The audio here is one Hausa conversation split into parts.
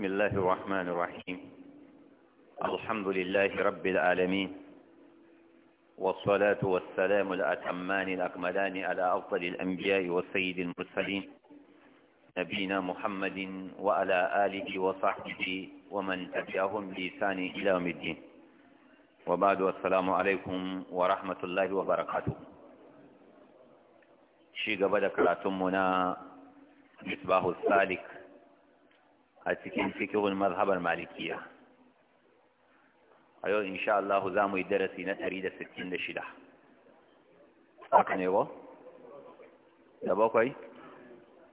بسم الله الرحمن الرحيم الحمد لله رب العالمين والصلاة والسلام الأتمان الأكملان على أفضل الأنبياء والسيد المرسلين نبينا محمد وعلى آله وصحبه ومن تبعهم بلسان إلى يوم الدين وبعد السلام عليكم ورحمة الله وبركاته شيء قبل كراتمنا مصباح السالك a cikin fikihun mazhabar malikiya a yau insha Allah za mu yi darasi na 166 haka ne ba? da bakwai?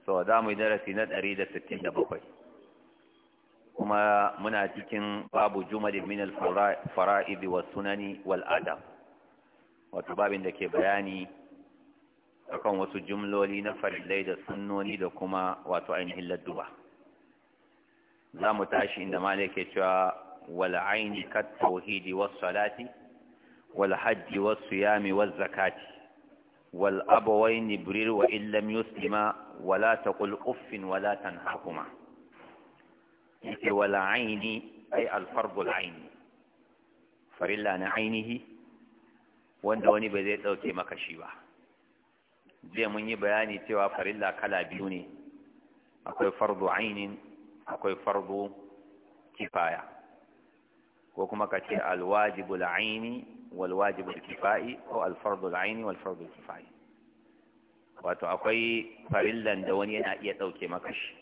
so za mu yi darasi na 167 kuma muna cikin babu jumalin min al wa sunani wal adab babin da ke bayani akan wasu jumloli na farilai da sunnoni da kuma wato ainihin ladduba za mu tashi inda malik ke cewa Wal'aini, aini kat tauhidi was salati wal hajji was siyami was zakati wal abawaini birr wa illam yuslima wala taqul uffin wala tanhakuma yake wal aini ay al aini farilla na ainihi wanda wani bai zai dauke maka shi ba zai mun yi bayani cewa farilla kala biyu ne akwai fardu ainin akwai fardu kifaya ko kuma ka ce alwajibul aini wal kifai ko alfardul aini wal kifai wato akwai farillan da wani yana iya ɗauke maka shi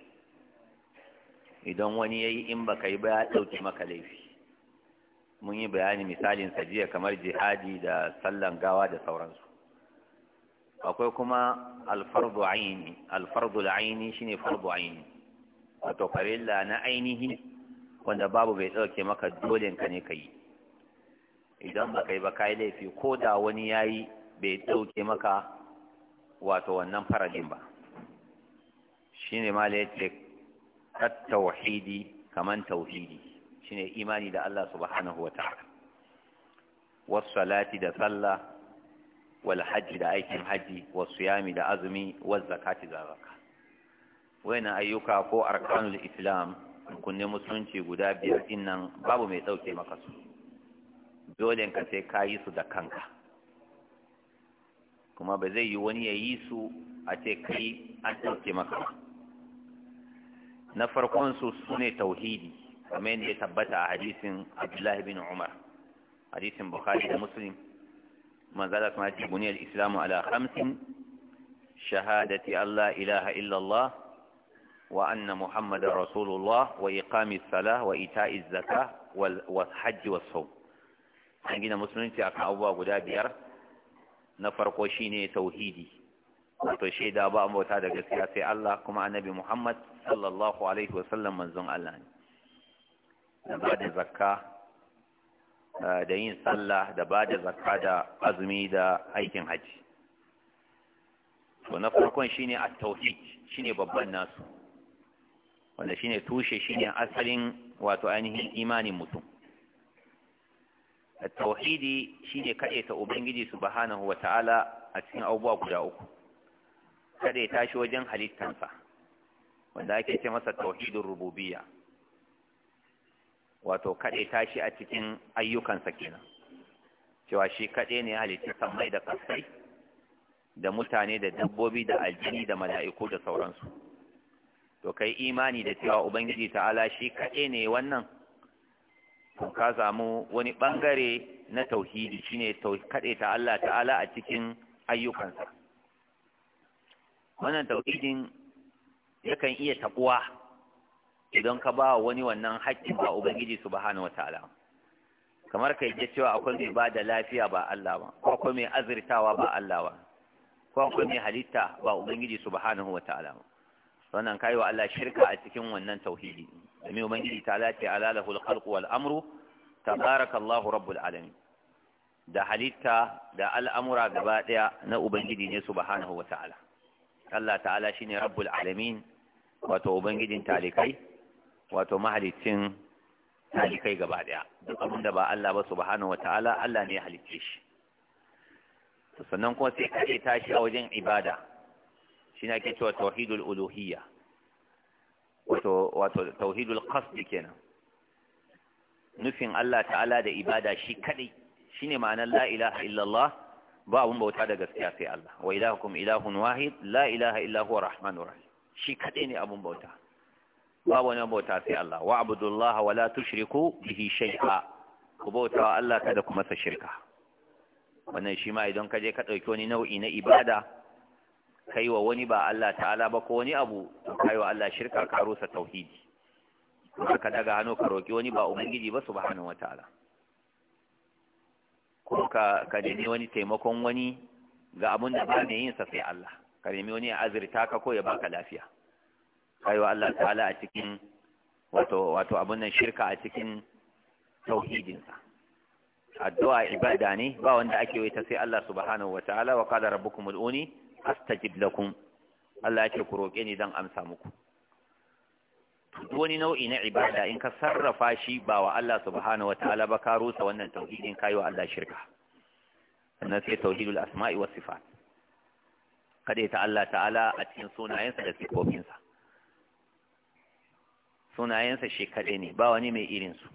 idan wani ya yi in baka yi ba ya ɗauke maka laifi mun yi bayani misalin sajiya kamar jihadi da sallan gawa da sauransu akwai kuma alfardu aini alfardu aini shine fardu aini wato farilla na ainihi wanda babu bai ɗauke maka dolenka ka ne ka yi idan ba kai ba ka laifi ko da wani ya yi bai ɗauke maka wato wannan faradin ba shi ne mala tauhidi kaman tauhidi shi ne imani da Allah subhanahu wa ta'ala wasu salati da sallah wal hajji da aikin hajji wasu yami da azumi wasu zakati da zaka wayannan ayyuka ko arkanul islam kunne musulunci guda biyar din nan babu mai ɗauke maka su dole ka sai ka yi su da kanka kuma ba zai yi wani ya yi su a ce kai an ɗauke maka na farkon su sune tauhidi kamar yadda ya tabbata a hadisin abdullahi bin umar hadisin bukhari da muslim manzala kuma ce buniyar islamu ala hamsin shahadati allah ilaha illallah وأن محمد رسول wa وإقام الصلاة وإيتاء الزكاة والحج والصوم an gina musulunci akan abubuwa guda biyar na farko shine tauhidi wato shaida ba bauta da gaskiya sai Allah kuma annabi Muhammad sallallahu alaihi wasallam manzon Allah ne da ba da zakka da yin sallah da ba da zakka da azumi da aikin haji to na farkon shine at-tauhid shine babban nasu wanda shi ne tushe shi ne asalin wato ainihin imanin mutum tauhidi shine kaɗaita ubangiji su wa ta'ala a cikin abubuwa guda uku kaɗaita shi wajen halittansa wanda ake ce masa tauhidin Rububiya. wato kaɗaita shi a cikin ayyukansa kenan cewa shi kaɗai ne halittu samai da kasai da mutane da dabbobi da aljini da mala'iku da sauransu to kai imani da cewa ubangiji ta'ala shi kaɗe ne wannan to ka samu wani ɓangare na tauhidi shine kaɗai ta Allah ta'ala a cikin ayyukansa wannan tauhidin yakan iya taɓuwa idan ka ba wani wannan haƙƙin ba ubangiji subhanahu wataala kamar ka yi cewa akwai mai ba da lafiya ba Allah ba ko akwai mai azirtawa ba Allah ba ko akwai mai halitta ba ubangiji subhanahu wataala ba wannan kai wa Allah shirka a cikin wannan tauhidi domin ubangiji ta lati alalahul khalqu wal amru tabarakallahu rabbul alamin da halitta da al'amura gaba daya na ubangiji ne subhanahu wataala Allah ta'ala shine rabbul alamin wato ubangijin talikai wato mahalicin talikai gaba daya duk abin da ba Allah ba subhanahu ta'ala Allah ne ya halicce shi sannan kuma sai ka tashi a wajen ibada shi na ke cewa tauhidul uluhiyya wato wato tauhidul qasd kenan nufin Allah ta'ala da ibada shi kadai shine ma'anar la ilaha illallah ba abun bauta da gaskiya sai Allah wa ilahukum ilahun wahid la ilaha illa huwa rahmanur rahim shi kadai ne abun bauta ba wani bauta sai Allah wa abudullaha wa la tushriku bihi shay'a ku bauta wa Allah kada ku masa shirka wannan shi ma idan ka je ka dauki wani nau'i na ibada kai wa wani ba Allah ta'ala ba ko wani abu kai wa Allah shirka ka rusa tauhidi ka daga hannu ka roki wani ba ubangiji ba subhanahu wataala ko ka ka nemi wani taimakon wani ga abun da ba ne yin sa sai Allah ka nemi wani ya azurta ka ko ya baka lafiya kai wa Allah ta'ala a cikin wato wato abun nan shirka a cikin tauhidinsa addu'a ibada ne ba wanda ake yi ta sai Allah subhanahu wataala wa qala rabbukum ud'uni astajib lakum Allah ya ce ku roƙe ni dan amsa muku wani nau'i na ibada in ka sarrafa shi ba wa Allah subhanahu wataala ba ka rusa wannan tauhidin kayo Allah shirka sannan sai tauhidul asma'i was sifat kada ta Allah ta'ala a cikin sunayensa da sifofinsa sunayensa shi kaɗai ne ba wani mai irin su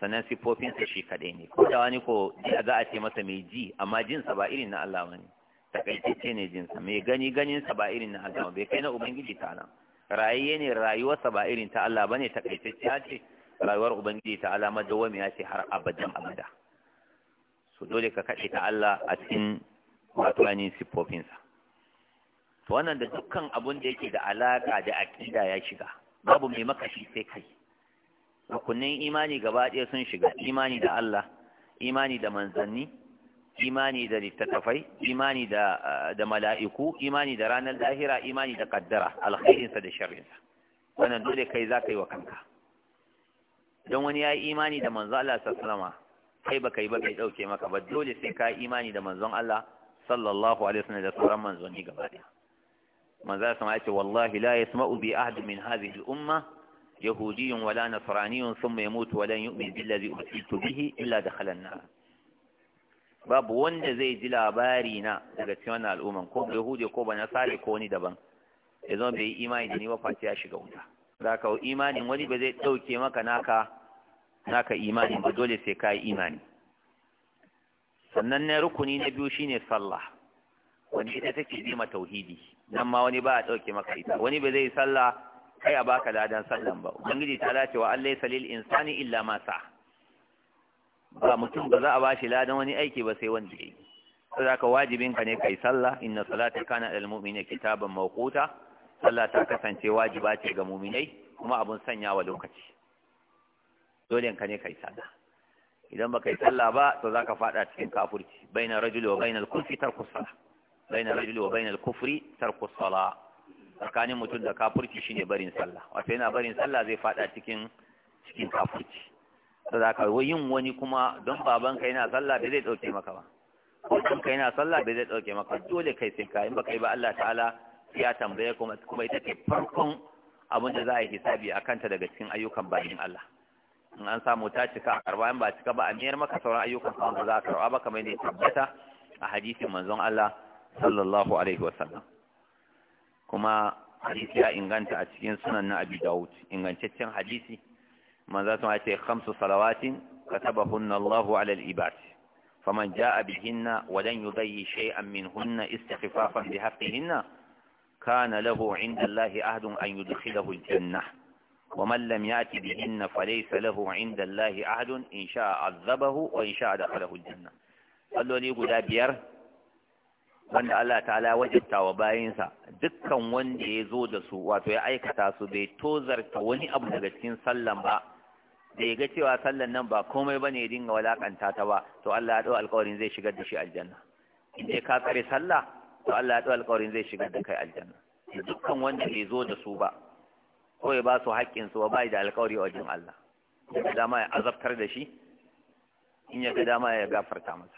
sannan sifofinsa shi kaɗai ne ko da wani ko ji a za a ce masa mai ji amma jinsa ba irin na Allah wani takaitacce ne jinsa mai gani ganinsa ba irin na Allah bai kai na ubangiji ta'ala rayuwa ne rayuwarsa ba irin ta Allah bane takaitacce ya ce rayuwar ubangiji ta'ala madawami ya ce har abadan abada so dole ka kaɗe ta Allah a cikin wato ainihin siffofinsa to wannan da dukkan abun da yake da alaka da akida ya shiga babu mai makashi sai kai rukunin imani gaba ɗaya sun shiga imani da Allah imani da manzanni imani da littattafai imani da eh, da mala'iku imani da ranar lahira imani da kaddara alkhairinsa da sharrinsa wannan dole kai za ka yi wa kanka don wani ya yi imani da manzo Allah sallama kai ba kai ba kai ɗauke maka ba dole sai ka yi imani da manzon Allah sallallahu alaihi wasallam da sauran manzonni gaba daya manzo Allah sama ya ce wallahi la yasma'u bi ahad min hadhihi al-umma yahudiyyun wala nasraniyyun thumma yamutu wa lan yu'min billazi ursiltu bihi illa dakhala an-nar babu wanda zai ji labari na daga cikin wannan al'umman ko bai hude ko ba nasare ko wani daban ya zama bai yi imani da ni ba face ya shiga wuta za ka imanin wani ba zai ɗauke maka naka naka imani ba dole sai ka yi imani sannan na rukuni na biyu shine sallah wani ita take bi ma tauhidi nan ma wani ba a ɗauke maka ita wani ba zai sallah kai a baka ladan sallan ba ubangiji ta dace wa allai salil insani illa ma sa'a. ba mutum ba za a bashi ladan wani aiki ba sai wanda yake saboda ka wajibin ka ne kai sallah inna salata kana lil mu'mini kitaban mawquta sallah ta kasance wajiba ce ga mu'minai kuma abun wa lokaci dole ka ne kai sallah idan ba yi sallah ba to zaka fada cikin kafirci bainar rajuli wa bainal kufri tarku salah bainar rajuli wa bainal kufri tarku salah tsakanin mutum da kafirci shine barin sallah wato yana barin sallah zai fada cikin cikin kafirci da za ka yin wani kuma don babanka yana sallah bai zai ɗauke maka ba ko ɗanka yana sallah bai zai ɗauke maka dole kai sai ka in baka yi ba Allah ta'ala ya tambaye kuma kuma ita ce farkon abin da za a yi hisabi a kanta daga cikin ayyukan bayin Allah in an samu ta cika a karba in ba cika ba a miyar maka sauran ayyukan kuma za a karba ba kamar yadda tabbata a hadisin manzon Allah sallallahu alaihi wasallam kuma hadisi ya inganta a cikin sunan na Abi Dawud ingantaccen hadisi manzo sun ce khamsu salawatin katabahunna Allahu ala al-ibad faman jaa bihinna wa lan yudayyi shay'an minhunna istighfafan bi haqqihinna kana lahu 'inda Allahi ahdun an yudkhilahu al-jannah ومن لم يأتي بهن فليس له عند الله أحد إن شاء عذبه وإن شاء دخله الجنة قالوا لي قد أبير وأن الله تعالى وجدت وباينسا دكا وان يزود سوء واتو يأيكتا سبي توني أبو نغسين سلم با da ya ga cewa sallan nan ba komai ba ya dinga walakanta ta ba to Allah ya dau alƙawarin zai shigar da shi aljanna in dai ka tsare sallah to Allah ya dau alƙawarin zai shigar da kai aljanna dukkan wanda bai zo da su ba ko ya ba su haƙƙin su ba bai da alƙawari wajen Allah ya dama ya azabtar da shi in ya ga dama ya gafarta masa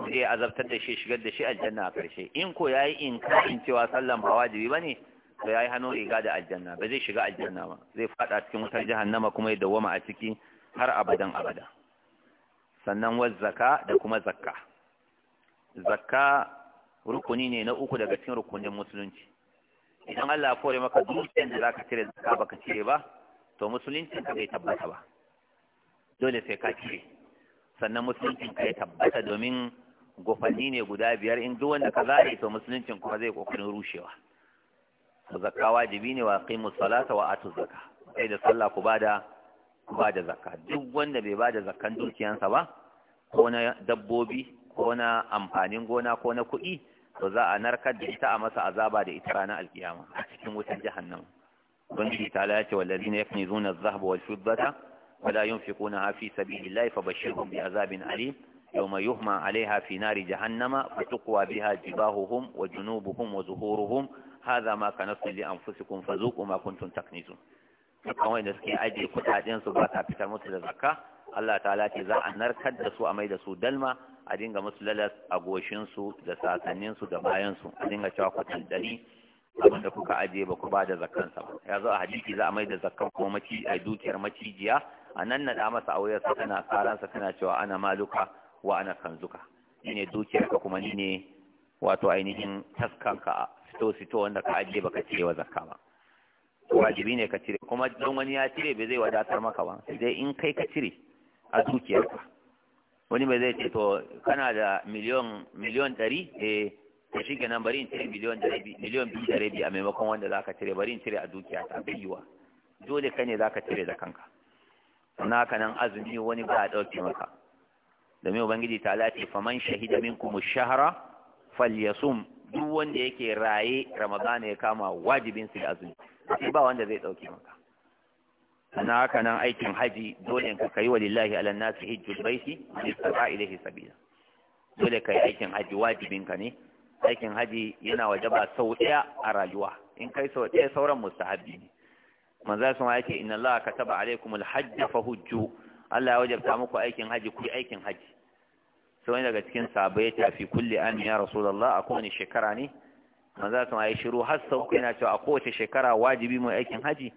sai ya azabtar da shi shigar da shi aljanna a ƙarshe in ko yayi inkarin cewa sallan ba wajibi bane to yi hannun riga da aljanna ba zai shiga aljanna ba zai fada cikin wutar jahannama kuma ya dawwama a ciki har abadan abada sannan wa zakka da kuma zakka zakka rukuni ne na uku daga cikin rukunin musulunci idan Allah ya kore maka dukiyar da zaka cire zakka baka cire ba to musulunci ka bai tabbata ba dole sai ka cire sannan musulunci ka ya tabbata domin gofanni ne guda biyar in duk wanda ka zai to musulunci kuma zai kokarin rushewa zakka wajibi ne wa aqimu salata wa atu zakka sai da sallah ku bada ku bada zakka duk wanda bai bada zakkan dukiyansa ba ko na dabbobi ko na amfanin gona ko na kuɗi to za a narkar da ita a masa azaba da ita ranar alkiyama a cikin wutar jahannama ubangiji ta lalace wallazina yaknizuna adh-dhahaba wal-fiddata wala yunfiqunaha fi sabilillahi fabashshirhum bi'azabin alim Ali yuhma 'alayha fi nari jahannama fatuqwa biha jibahuhum wa junubuhum wa zuhuruhum haza ma kanastu li anfusikum fazuqu ma kuntum taknisun kawai da suke ajiye kudaden su ba ta fitar musu da zakka Allah ta'ala ce za a narkar da su a mai da su dalma a dinga musu lalas a goshin su da sasannin su da bayan su a dinga cewa ku tandari abin da kuka ajiye ba ku ba da zakkan sa ba ya zo a hadisi za a mai da zakkan ko maci a dukiyar macijiya a nan na da masa auyar sa tana karansa tana cewa ana maluka wa ana kanzuka ne dukiyar ka kuma ni ne wato ainihin taskanka fito fito wanda ka ajiye baka cire wa zakka ba wajibi ne ka cire kuma don wani ya cire bai zai wadatar maka ba sai dai in kai ka cire a dukiyarka wani bai zai ce to kana da miliyon miliyon ɗari eh ka shi nan bari in cire miliyon ɗari miliyon biyu da rabi a maimakon wanda zaka cire bari in cire a dukiya ta biyuwa dole kai ne zaka cire da kanka Na ka nan azumi wani ba a ɗauke maka domin ubangiji ta lati faman shahida minkum shahara falyasum duk wanda yake raye ramadana ya kama wajibin su da azumi sai ba wanda zai dauke maka ana haka nan aikin haji dole ka kai walillahi ala nasi hijjul baiti man istata ilayhi sabila dole kai aikin haji wajibin ka ne aikin haji yana wajaba sau daya a rayuwa in kai sau daya sauran mustahabi ne manzo sun yake inna allaha kataba alaikumul hajj fahujju Allah ya wajabta muku aikin haji ku aikin haji sai daga cikin sahabbai ya tafi kulle amina ya rasulullah a kowane shekara ne manzo sama ya shiru har sau yana cewa a kowace shekara wajibi mai aikin haji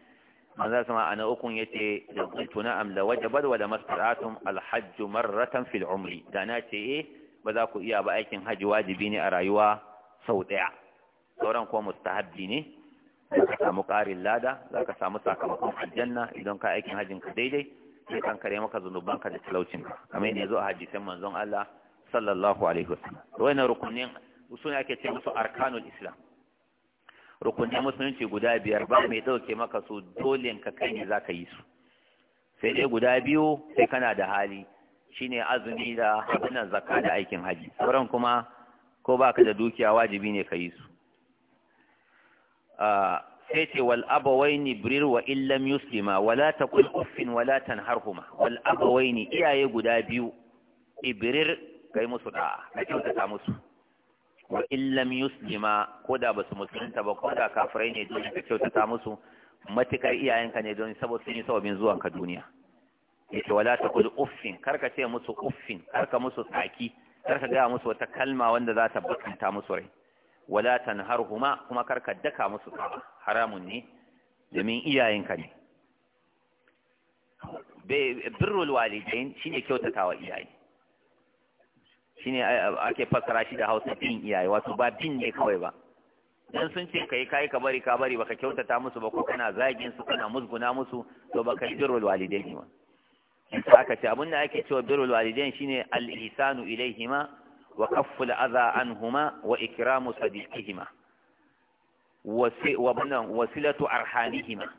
manzo sama ana ukun yace da kuntu na'am la wajabat wa la mastata'tum al marratan fil umri da na ce eh ba za ku iya ba aikin haji wajibi ne a rayuwa sau ɗaya? sauran kuma mustahabbi ne za ka samu ƙarin lada za ka samu sakamakon aljanna idan ka aikin hajjin ka daidai sai kankare maka zunubanka da ka, kamar yadda ya zo a hadisan manzon Allah sallallahu alaihi wasallam wannan rukunin su ne ake ce musu arkanul islam rukunin musulunci guda biyar ba mai dauke maka su dole ka kai ne zaka yi su sai dai guda biyu sai kana da hali shine azumi da wannan zakka da aikin haji sauran kuma ko baka da dukiya wajibi ne ka yi su ah, sai ce wal abawaini birir wa illam yuslima wala taqul uffin wala tanharhuma wal abawaini iyaye guda biyu ibrir kai musu da na kyautata musu wa illam yuslima ko da basu musulunta ba ko da kafirai ne don ka kyautata musu matukar iyayenka ne don saboda sun yi sababin zuwan ka duniya ce wala taqul uffin karka ce musu uffin karka musu tsaki karka gaya musu wata kalma wanda za ta bakanta musu rai wala tanharhuma kuma karka daka musu tsaba haramun ne domin iyayenka ne birrul walidain shine kyautatawa iyaye shine ake fassara shi da Hausa bin iyaye wato ba bin ne kawai ba dan sun ce kai kai ka bari ka bari baka kyautata musu ba ko kana zagin su kana musguna musu to baka birrul walidain ba haka ce abin da ake cewa birrul walidain shine al-ihsanu ilaihima wa kaffu al-adha anhuma wa ikramu sadiqihima wasilatu arhamihima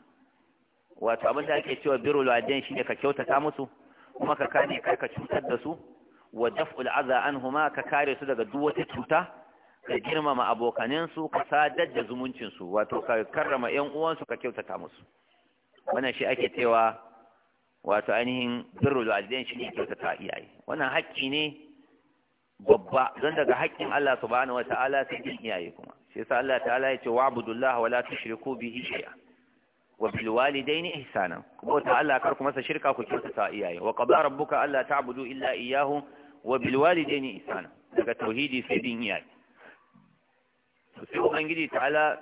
wato abin da ake cewa birul walidain shine ka kyautata musu kuma ka kare kai ka cutar da su wa daf'ul adha anhuma ka kare su daga duk wata cuta ka girmama abokanin su ka sadar da zumuncin su wato ka karrama ƴan uwan su ka kyautata musu wannan shi ake cewa wato ainihin birrul walidain shine kyautata iyaye wannan haƙƙi ne babba don daga haƙƙin Allah subhanahu wataala sai din iyaye kuma Sai yasa Allah ta'ala ya ce wa wala tushriku bihi shay'a wa bil walidaini ihsana kuma ta Allah kar ku masa shirka ku kyautata iyaye wa qada rabbuka alla ta'budu illa iyyahu wa bil walidaini ihsana daga tauhidi sai bin iyaye sai ubangiji ta'ala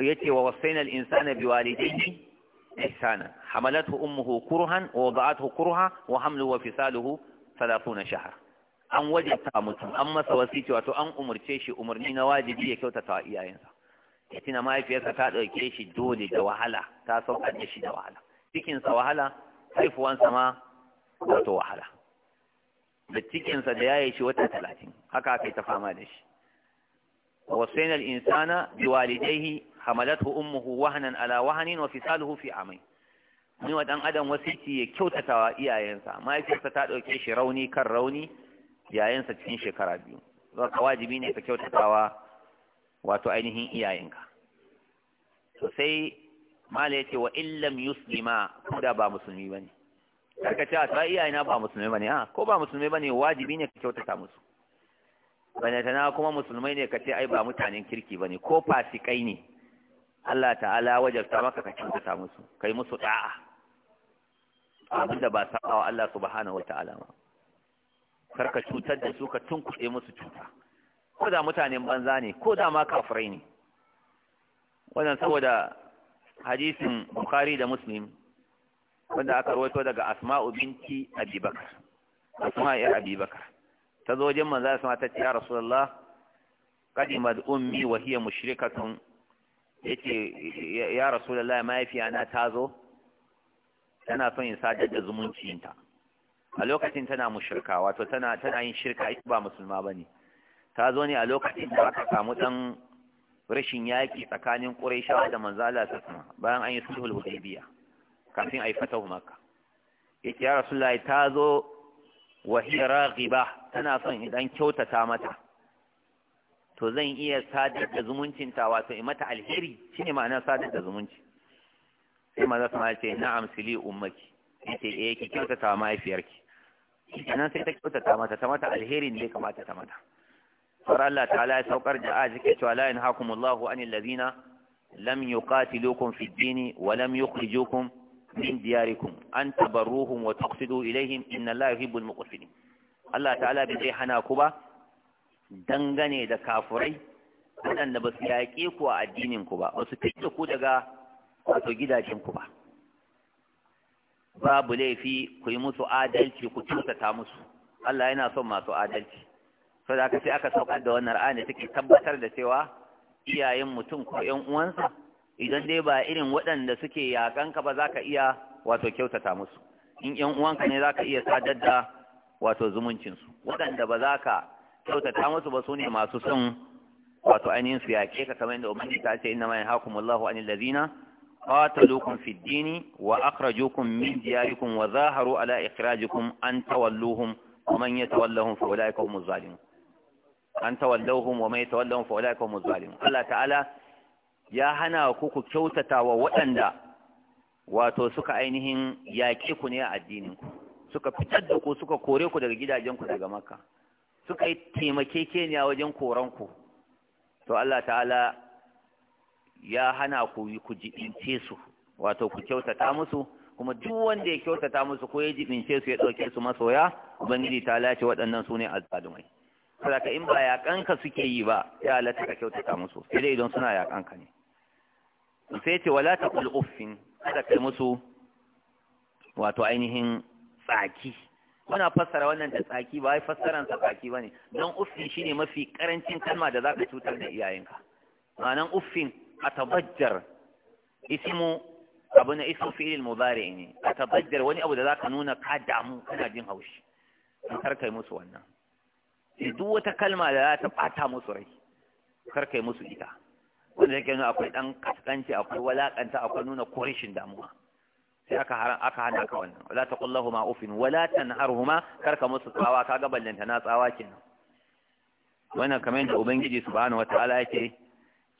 yace wa wasaina al insana bi walidayni ihsana hamalathu ummuhu kurhan wa wada'athu kurha wa hamluhu wa fisaluhu 30 shahra an wajabta mutum an masa wasiki wato an umurce shi umarni na wajibi ya kyautata wa iyayensa ya tina mahaifiyarsa ta ɗauke shi dole da wahala ta saukar da shi da wahala cikinsa wahala haifuwansa ma wato wahala da cikinsa da yaye shi wata talatin haka aka yi ta fama da shi ووصينا الإنسان بوالديه حملته أمه Ala, على وهن وفصاله fi عامين ni wa dan adam wasiti ya kyautata wa iyayensa mahaifiyarsa ta ɗauke shi rauni kan rauni yayansa cikin shekara biyu zaka wajibi ne ka kyautatawa wato ainihin iyayenka to sai mala yace wa illam yuslima da ba musulmi ba bane karka ce a iyayena ba musulmi bane ha ko ba musulmi bane wajibi ne ka kyautata musu bane tana kuma musulmai ne ka ce ai ba mutanen kirki ba ne? ko fasikai ne Allah ta'ala wajabta maka ka kyautata musu kai musu da'a abinda ba sabawa Allah subhanahu wa ta'ala ma karka cutar da su ka tunkuɗe musu cuta ko da mutanen banza ne ko da ma kafirai ne wannan saboda hadisin bukhari da muslim wanda aka rawaito daga asma'u binti abubakar asma'u ya abubakar ta zo wajen manzo sama ta ce ya rasulullah qadimat ummi wa hiya mushrikatun yace ya rasulullah fiya na ta zo tana son in sadar da zumuncinta a lokacin tana mushirka wato tana tana yin shirka ita ba musulma bane ta zo ne a lokacin da aka samu ɗan rashin yaki tsakanin Quraishawa da manzala ta bayan an yi sulhul Hudaybiya kafin ayi fatahu Makka yake ya Rasulullahi ta zo wa hiya raghiba tana son idan kyautata mata to zan iya sadar da zumuncin wato in mata alheri shine ma'anar sadar da zumunci sai manzo sallallahu ya ce na'am sili ummaki yace eh ki kyautata mahaifiyarki kenan sai ta kyautata mata ta mata alherin da ya kamata ta mata har Allah ta'ala ya saukar da aji ke cewa la hakumullahu anil ladina lam yuqatilukum fid dini wa lam yukhrijukum min diyarikum an tabarruhum wa tuqsidu ilaihim inna la yuhibbul muqsitin Allah ta'ala bai zai hana ku ba dangane da kafurai waɗanda ba su yaƙe ku a addinin ku ba ba su fice ku daga wato gidajen ku ba babu laifi ku yi musu adalci ku kyautata musu Allah yana son masu adalci da aka sai aka saukar da wannan ra'ayi take tabbatar da cewa iyayen mutum ko ƴan uwansa idan dai ba irin waɗanda suke yakan ka ba zaka iya wato kyautata musu in ƴan uwanka ne zaka iya sadar da wato zumuncin su waɗanda ba za ka kyautata musu ba sune masu son wato ainihin su yaƙe ka kamar yadda ubangiji ta ce inna ma anil ladina qataluukum fi ddini wa akhrajuukum min diyarikum wa zaharu ala ikhrajikum an tawalluhum wa man yatawallahum fa ulaika humuz zalimun an tawallahum wa man yatawallahum fa ulaika humuz zalimun Allah ta'ala ya hana ku ku kyautata wa waɗanda wato suka ainihin yaƙe ku ne a addinin suka fitar da ku suka kore ku daga gidajenku daga makka suka yi taimakekeniya wajen koran ku to Allah ta'ala ya hana ku ku jibince su wato ku kyautata musu kuma duk wanda ya kyautata musu ko ya jibince su ya dauke su masoya ubangiji ta lace waɗannan su ne azzalumai saboda in ba yaƙanka suke yi ba ya halatta ka kyautata musu sai dai idan suna yaƙanka ne sai ce wala taqul uffin kada kai musu wato ainihin tsaki muna fassara wannan da tsaki ba wai fassaran tsaki bane don uffin shine mafi karancin kalma da zaka cutar da iyayenka ma'anan uffin atabajjar ismu abu na ismu fi'il mudari ne atabajjar wani abu da zaka nuna ka damu kana jin haushi kar kai wannan duk wata kalma da za ta bata musu rai kar kai musu ita wanda yake nuna akwai dan kaskanci akwai walakanta akwai nuna korishin damuwa sai aka hana ka wannan wala taqullahu ma ufin wala karka musu tsawa kaga ballanta na tsawa kenan wannan kamar ubangiji subhanahu wataala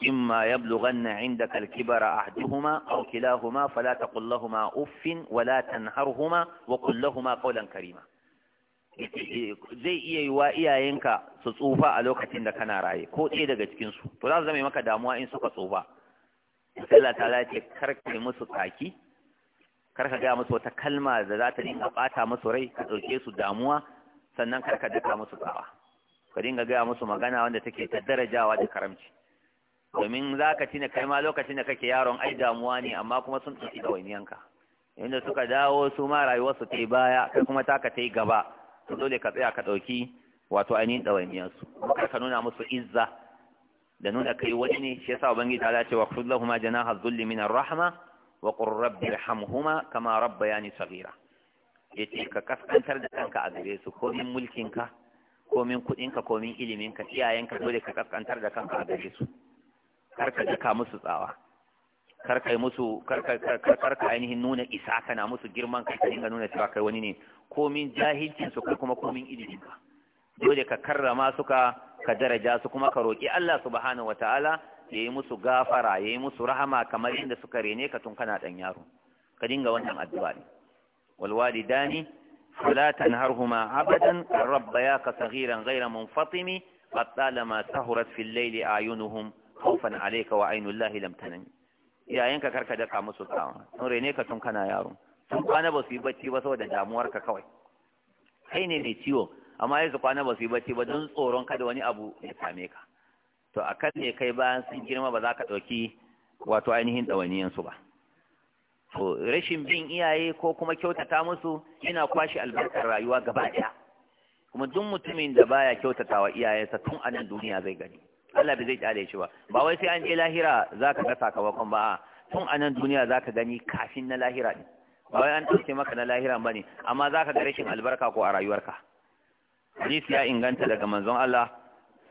إما يبلغن عندك الكبر أحدهما أو كلاهما فلا تقل لهما أف ولا تنهرهما وقل لهما قولا كريما zai iya yi wa iyayenka su tsufa a lokacin da kana raye ko ɗaya daga cikinsu to za su zama maka damuwa in suka tsufa Allah ta ce karka musu kaki karka gaya musu wata kalma da za ta dinga ɓata musu rai ka dauke su damuwa sannan karka daka musu tsawa ka dinga gaya musu magana wanda take ta darajawa da karamci domin za ka na kai ma lokacin da kake yaron ai damuwa ne amma kuma sun ɗauki wainiyanka inda suka dawo su ma rayuwarsu ta yi baya kai kuma taka ta yi gaba su dole ka tsaya ka ɗauki wato ainihin ɗawainiyansu Kuma ka nuna musu izza da nuna kai wani ne shi yasa ubangiji ta dace wa kullahuma janaha dhulli min ar-rahma wa qur rabbi irhamhuma kama rabbayani saghira yace ka kaskantar da kanka a gare su ko min mulkinka ko min kudinka ko min iliminka iyayenka dole ka kaskantar da kanka a gare su kar ka daka musu tsawa kar kai musu kar ka ainihin nuna isa kana musu girman kai ka dinga nuna cewa kai wani ne komin jahilcin su kai kuma komin ilimin ka dole ka karrama su ka ka daraja su kuma ka roki Allah subhanahu wataala ya yi musu gafara ya yi musu rahama kamar inda suka rene ka tun kana dan yaro ka dinga wannan addu'a ne wal walidani فلا تنهرهما أبدا ربياك صغيرا غير منفطم قد طالما سهرت في الليل أعينهم khawfan alaika wa ainullahi lam tanam iyayenka karka daka musu tsawa sun rene ka tun kana yaro sun kwana ba su yi bacci ba saboda damuwar ka kawai kai ne mai ciwo amma yanzu kwana ba su yi bacci ba don tsoron ka da wani abu ya same ka to a kan ne kai bayan sun girma ba za ka ɗauki wato ainihin ɗawaniyansu ba to rashin bin iyaye ko kuma kyautata musu yana kwashe albarkar rayuwa gaba ɗaya kuma duk mutumin da baya kyautatawa iyayensa tun a nan duniya zai gani Allah bai zai kyale shi ba ba wai sai an je lahira zaka ga sakamakon ba tun a nan duniya zaka gani kafin na lahira ne ba wai an dauke maka na lahira bane amma zaka ga rashin albarka ko a rayuwarka hadisi ya inganta daga manzon Allah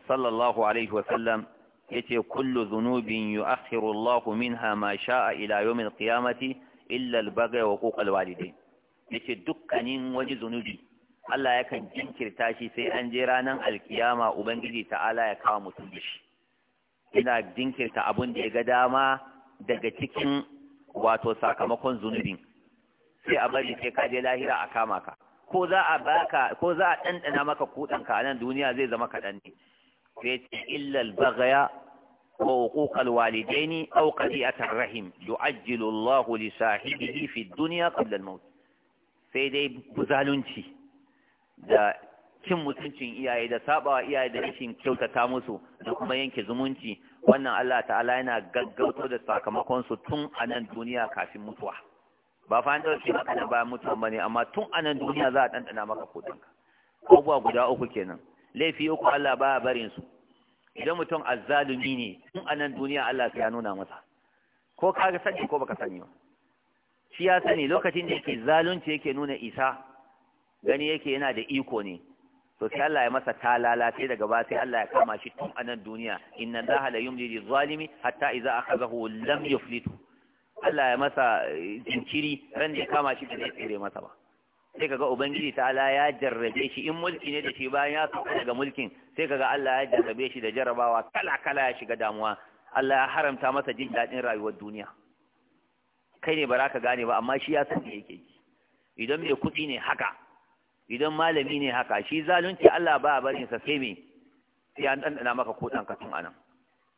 sallallahu alaihi wa sallam yace kullu dhunubin yu'akhiru Allahu minha ma sha'a ila yawmil qiyamati illa al-baghy wa huquq al-walidayn yace dukkanin wani zunubi Allah yakan jinkirta shi sai an je ranar alkiyama Ubangiji ta'ala ya kawo mutum da shi. Ina jinkirta abin da ya ga dama daga cikin wato sakamakon zunubin. Sai a bari sai ka lahira a kama ka. Ko za a baka ko za a ɗanɗana maka kuɗinka a nan duniya zai zama kaɗan ne. Sai ce illal bagaya ko uquqal walidaini aw qadi'atar rahim yu'ajjilu Allahu li sahibihi fi dunya qabla al-maut. Sai dai zalunci da cin mutuncin iyaye da sabawa iyaye da rashin kyautata musu da kuma yanke zumunci wannan Allah ta'ala yana gaggauto da sakamakon su tun a nan duniya kafin mutuwa ba fa da shi aka ba bayan mutuwa bane amma tun a nan duniya za a dandana maka kudin ka abubuwa guda uku kenan laifi uku Allah ba barin su idan mutum azzalumi ne tun a nan duniya Allah ya nuna masa ko ka sani ko baka sani ba shi ya sani lokacin da yake zalunci yake nuna isa gani yake yana da iko ne to sai Allah ya masa talala sai daga ba sai Allah ya kama shi tun a nan duniya inna Allah la yumli lil zalimi hatta idza akhadhahu lam yuflitu Allah ya masa eh, jinkiri ran da kama shi da tsire masa ba sai kaga ubangiji ta'ala ya jarrabe shi in mulki ne da shi bayan ya sauka daga mulkin sai kaga Allah ya jarrabe shi da jarrabawa kala kala ya shiga damuwa Allah ya haramta masa jin daɗin rayuwar duniya kai ne ba za ka gane ba amma shi ya san me yake idan mai kuɗi ne haka idan malami ne haka shi zalunci Allah ba barin sa sai me sai an dandana maka ko ka tun anan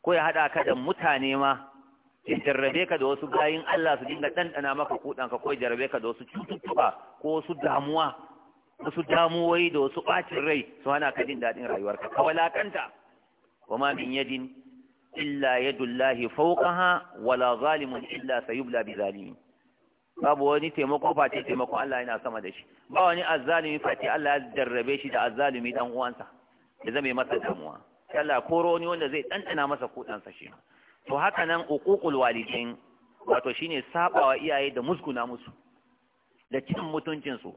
ko ya hada ka da mutane ma in jarrabe ka da wasu bayin Allah su dinga dandana maka kotan ka ko jarrabe ka da wasu cututtuka ko wasu damuwa wasu damuwoyi da wasu bacin rai su hana ka jin daɗin rayuwarka ka walakanta ma min yadin illa yadullahi fawqaha wala zalimun illa sayubla bi babu wani taimako face taimako Allah yana sama da shi ba wani azzalumi face Allah ya jarrabe shi da azzalumi dan uwansa ya zame masa damuwa sai Allah koro wani wanda zai ɗanɗana masa sa shi to haka nan uququl walidain wato shine sabawa iyaye da muskuna musu da cin mutuncin su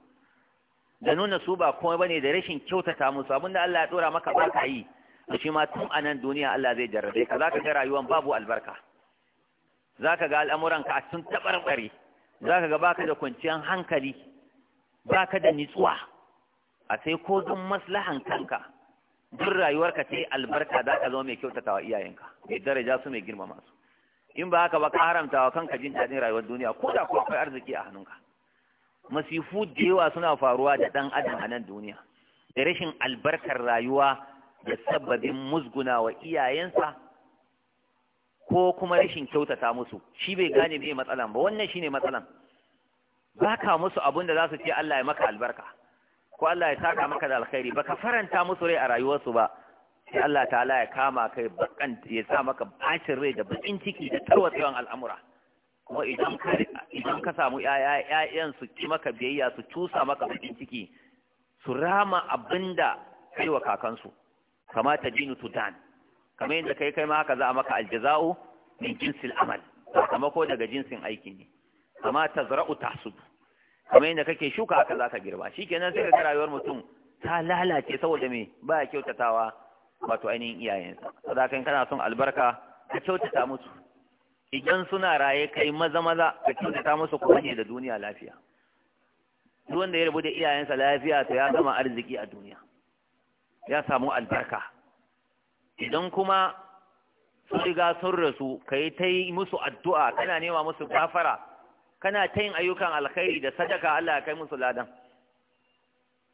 da nuna su ba komai bane da rashin kyautata musu abinda Allah ya dora maka ba ka yi to shi ma tun anan duniya Allah zai jarrabe ka zaka ga rayuwan babu albarka zaka ga al'amuran ka sun tabarbare za ka ga baka da kwanciyar hankali baka da nitsuwa a sai ko don maslahan kanka duk rayuwarka ta albarka za ka zama mai kyautata wa iyayenka mai daraja su mai girmama su in ba haka ba ka haramta wa kanka jin daɗin rayuwar duniya ko da kuwa kai arziki a hannunka masifu da yawa suna faruwa da ɗan adam a nan duniya da rashin albarkar rayuwa da sabbabin musguna wa iyayensa ko kuma rashin kyautata musu shi bai gane bai matsalan ba wannan shine matsalan baka musu abun da za su ce Allah ya maka albarka ko Allah ya saka maka da alkhairi baka faranta musu rai a rayuwarsu ba sai Allah ta'ala ya kama kai bakan ya sa maka bacin rai da bakin ciki da tarwatsewan al'amura kuma idan ka samu yaya yayan su ci maka biyayya su cusa maka bakin ciki su rama abinda kai wa kakansu kamata dinu tudan kamar yadda kai kai ma haka za a maka aljaza'u min jinsil amal sakamako daga jinsin aiki ne kama tazra'u su. kamar yadda kake shuka haka za ka girba shikenan sai ka rayuwar mutum ta lalace saboda me ba a kyautatawa wato ainihin iyayensa ka kan kana son albarka ka kyautata musu idan suna raye kai maza maza ka kyautata musu ko ne da duniya lafiya duk wanda ya rubuta iyayensa lafiya to ya gama arziki a duniya ya samu albarka idan kuma sun riga sun rasu ka yi ta yi musu addu'a kana nema musu gafara kana ta yin ayyukan alkhairi da sadaka Allah ya kai musu ladan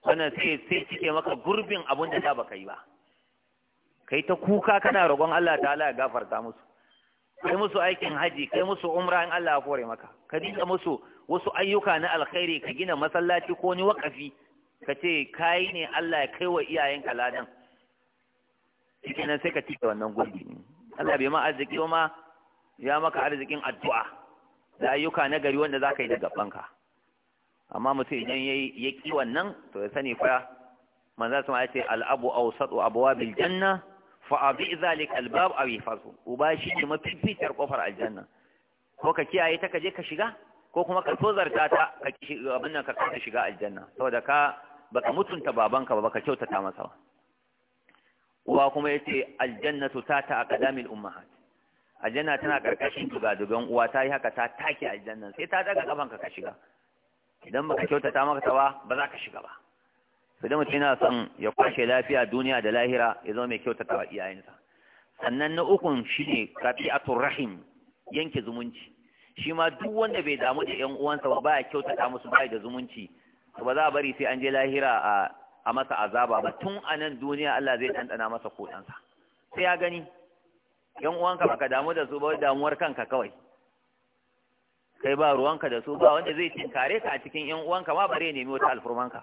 wannan sai sai cike maka gurbin abin da ba ka yi ba kai ta kuka kana roƙon Allah ta Allah ya gafarta musu kai musu aikin haji kai musu umra in Allah ya kore maka ka dinga musu wasu ayyuka na alkhairi ka gina masallaci ko ni wakafi ka ce kai ne Allah ya kai wa iyayenka ladan shi nan sai ka ci da wannan gurbi Allah bai ma arziki ma ya maka arzikin addu'a da ayyuka na gari wanda za ka yi da gabanka amma mutum idan ya ki wannan to ya sani fa manzo sama ya ce al'abu awsatu abwabil janna fa abi zalik albab aw yafasu uba shi ne mafificiyar kofar aljanna ko ka kiyaye ta ka je ka shiga ko kuma ka sozarta ta ka abin nan ka kasa shiga aljanna saboda ka baka mutunta babanka ba baka kyautata masa ba uwa kuma yace su ta ta ƙadamin umaha aljanna tana karkashin dugadugan uwa ta yi haka ta take aljanna sai ta daga kafanka ka shiga idan baka kyautata maka tawa ba za ka shiga ba sai da mutum yana son ya kwashe lafiya duniya da lahira ya zama mai kyautata wa iyayensa sannan na ukun shine a rahim yanke zumunci shi ma duk wanda bai damu da yan uwansa ba ya kyautata musu baya da zumunci ba za a bari sai an je lahira a a masa azaba ba tun a nan duniya Allah zai ɗanɗana masa kuɗansa sai ya gani yan uwanka baka damu da su ba damuwar kanka kawai kai ba ruwanka da su ba wanda zai tinkare ka a cikin yan uwanka ma bare nemi wata alfurmanka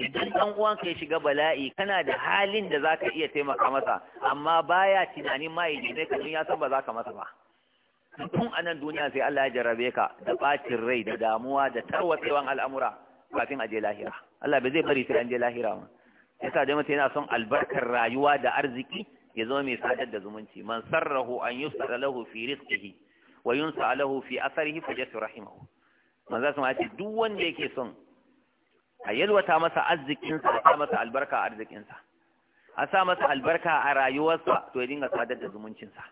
idan dan uwanka ya shiga bala'i kana da halin da zaka iya taimaka masa amma baya tunanin ma yaji ne kan ya san ba zaka masa ba tun a nan duniya sai Allah ya jarrabe ka da bacin rai da damuwa da tarwatsewan al'amura kafin a je lahira Allah bai zai bari sai an je lahira ba yasa dai mutane yana son albarkar rayuwa da arziki ya zama mai sadar da zumunci man sarrahu an yusara lahu fi rizqihi wa yunsa lahu fi asarihi fajatu rahimahu Man zasu ma ce duk wanda yake son a yalwata masa arzikinsa a sa masa albarka a arzikinsa a sa masa albarka a rayuwarsa to ya dinga sadar da zumuncinsa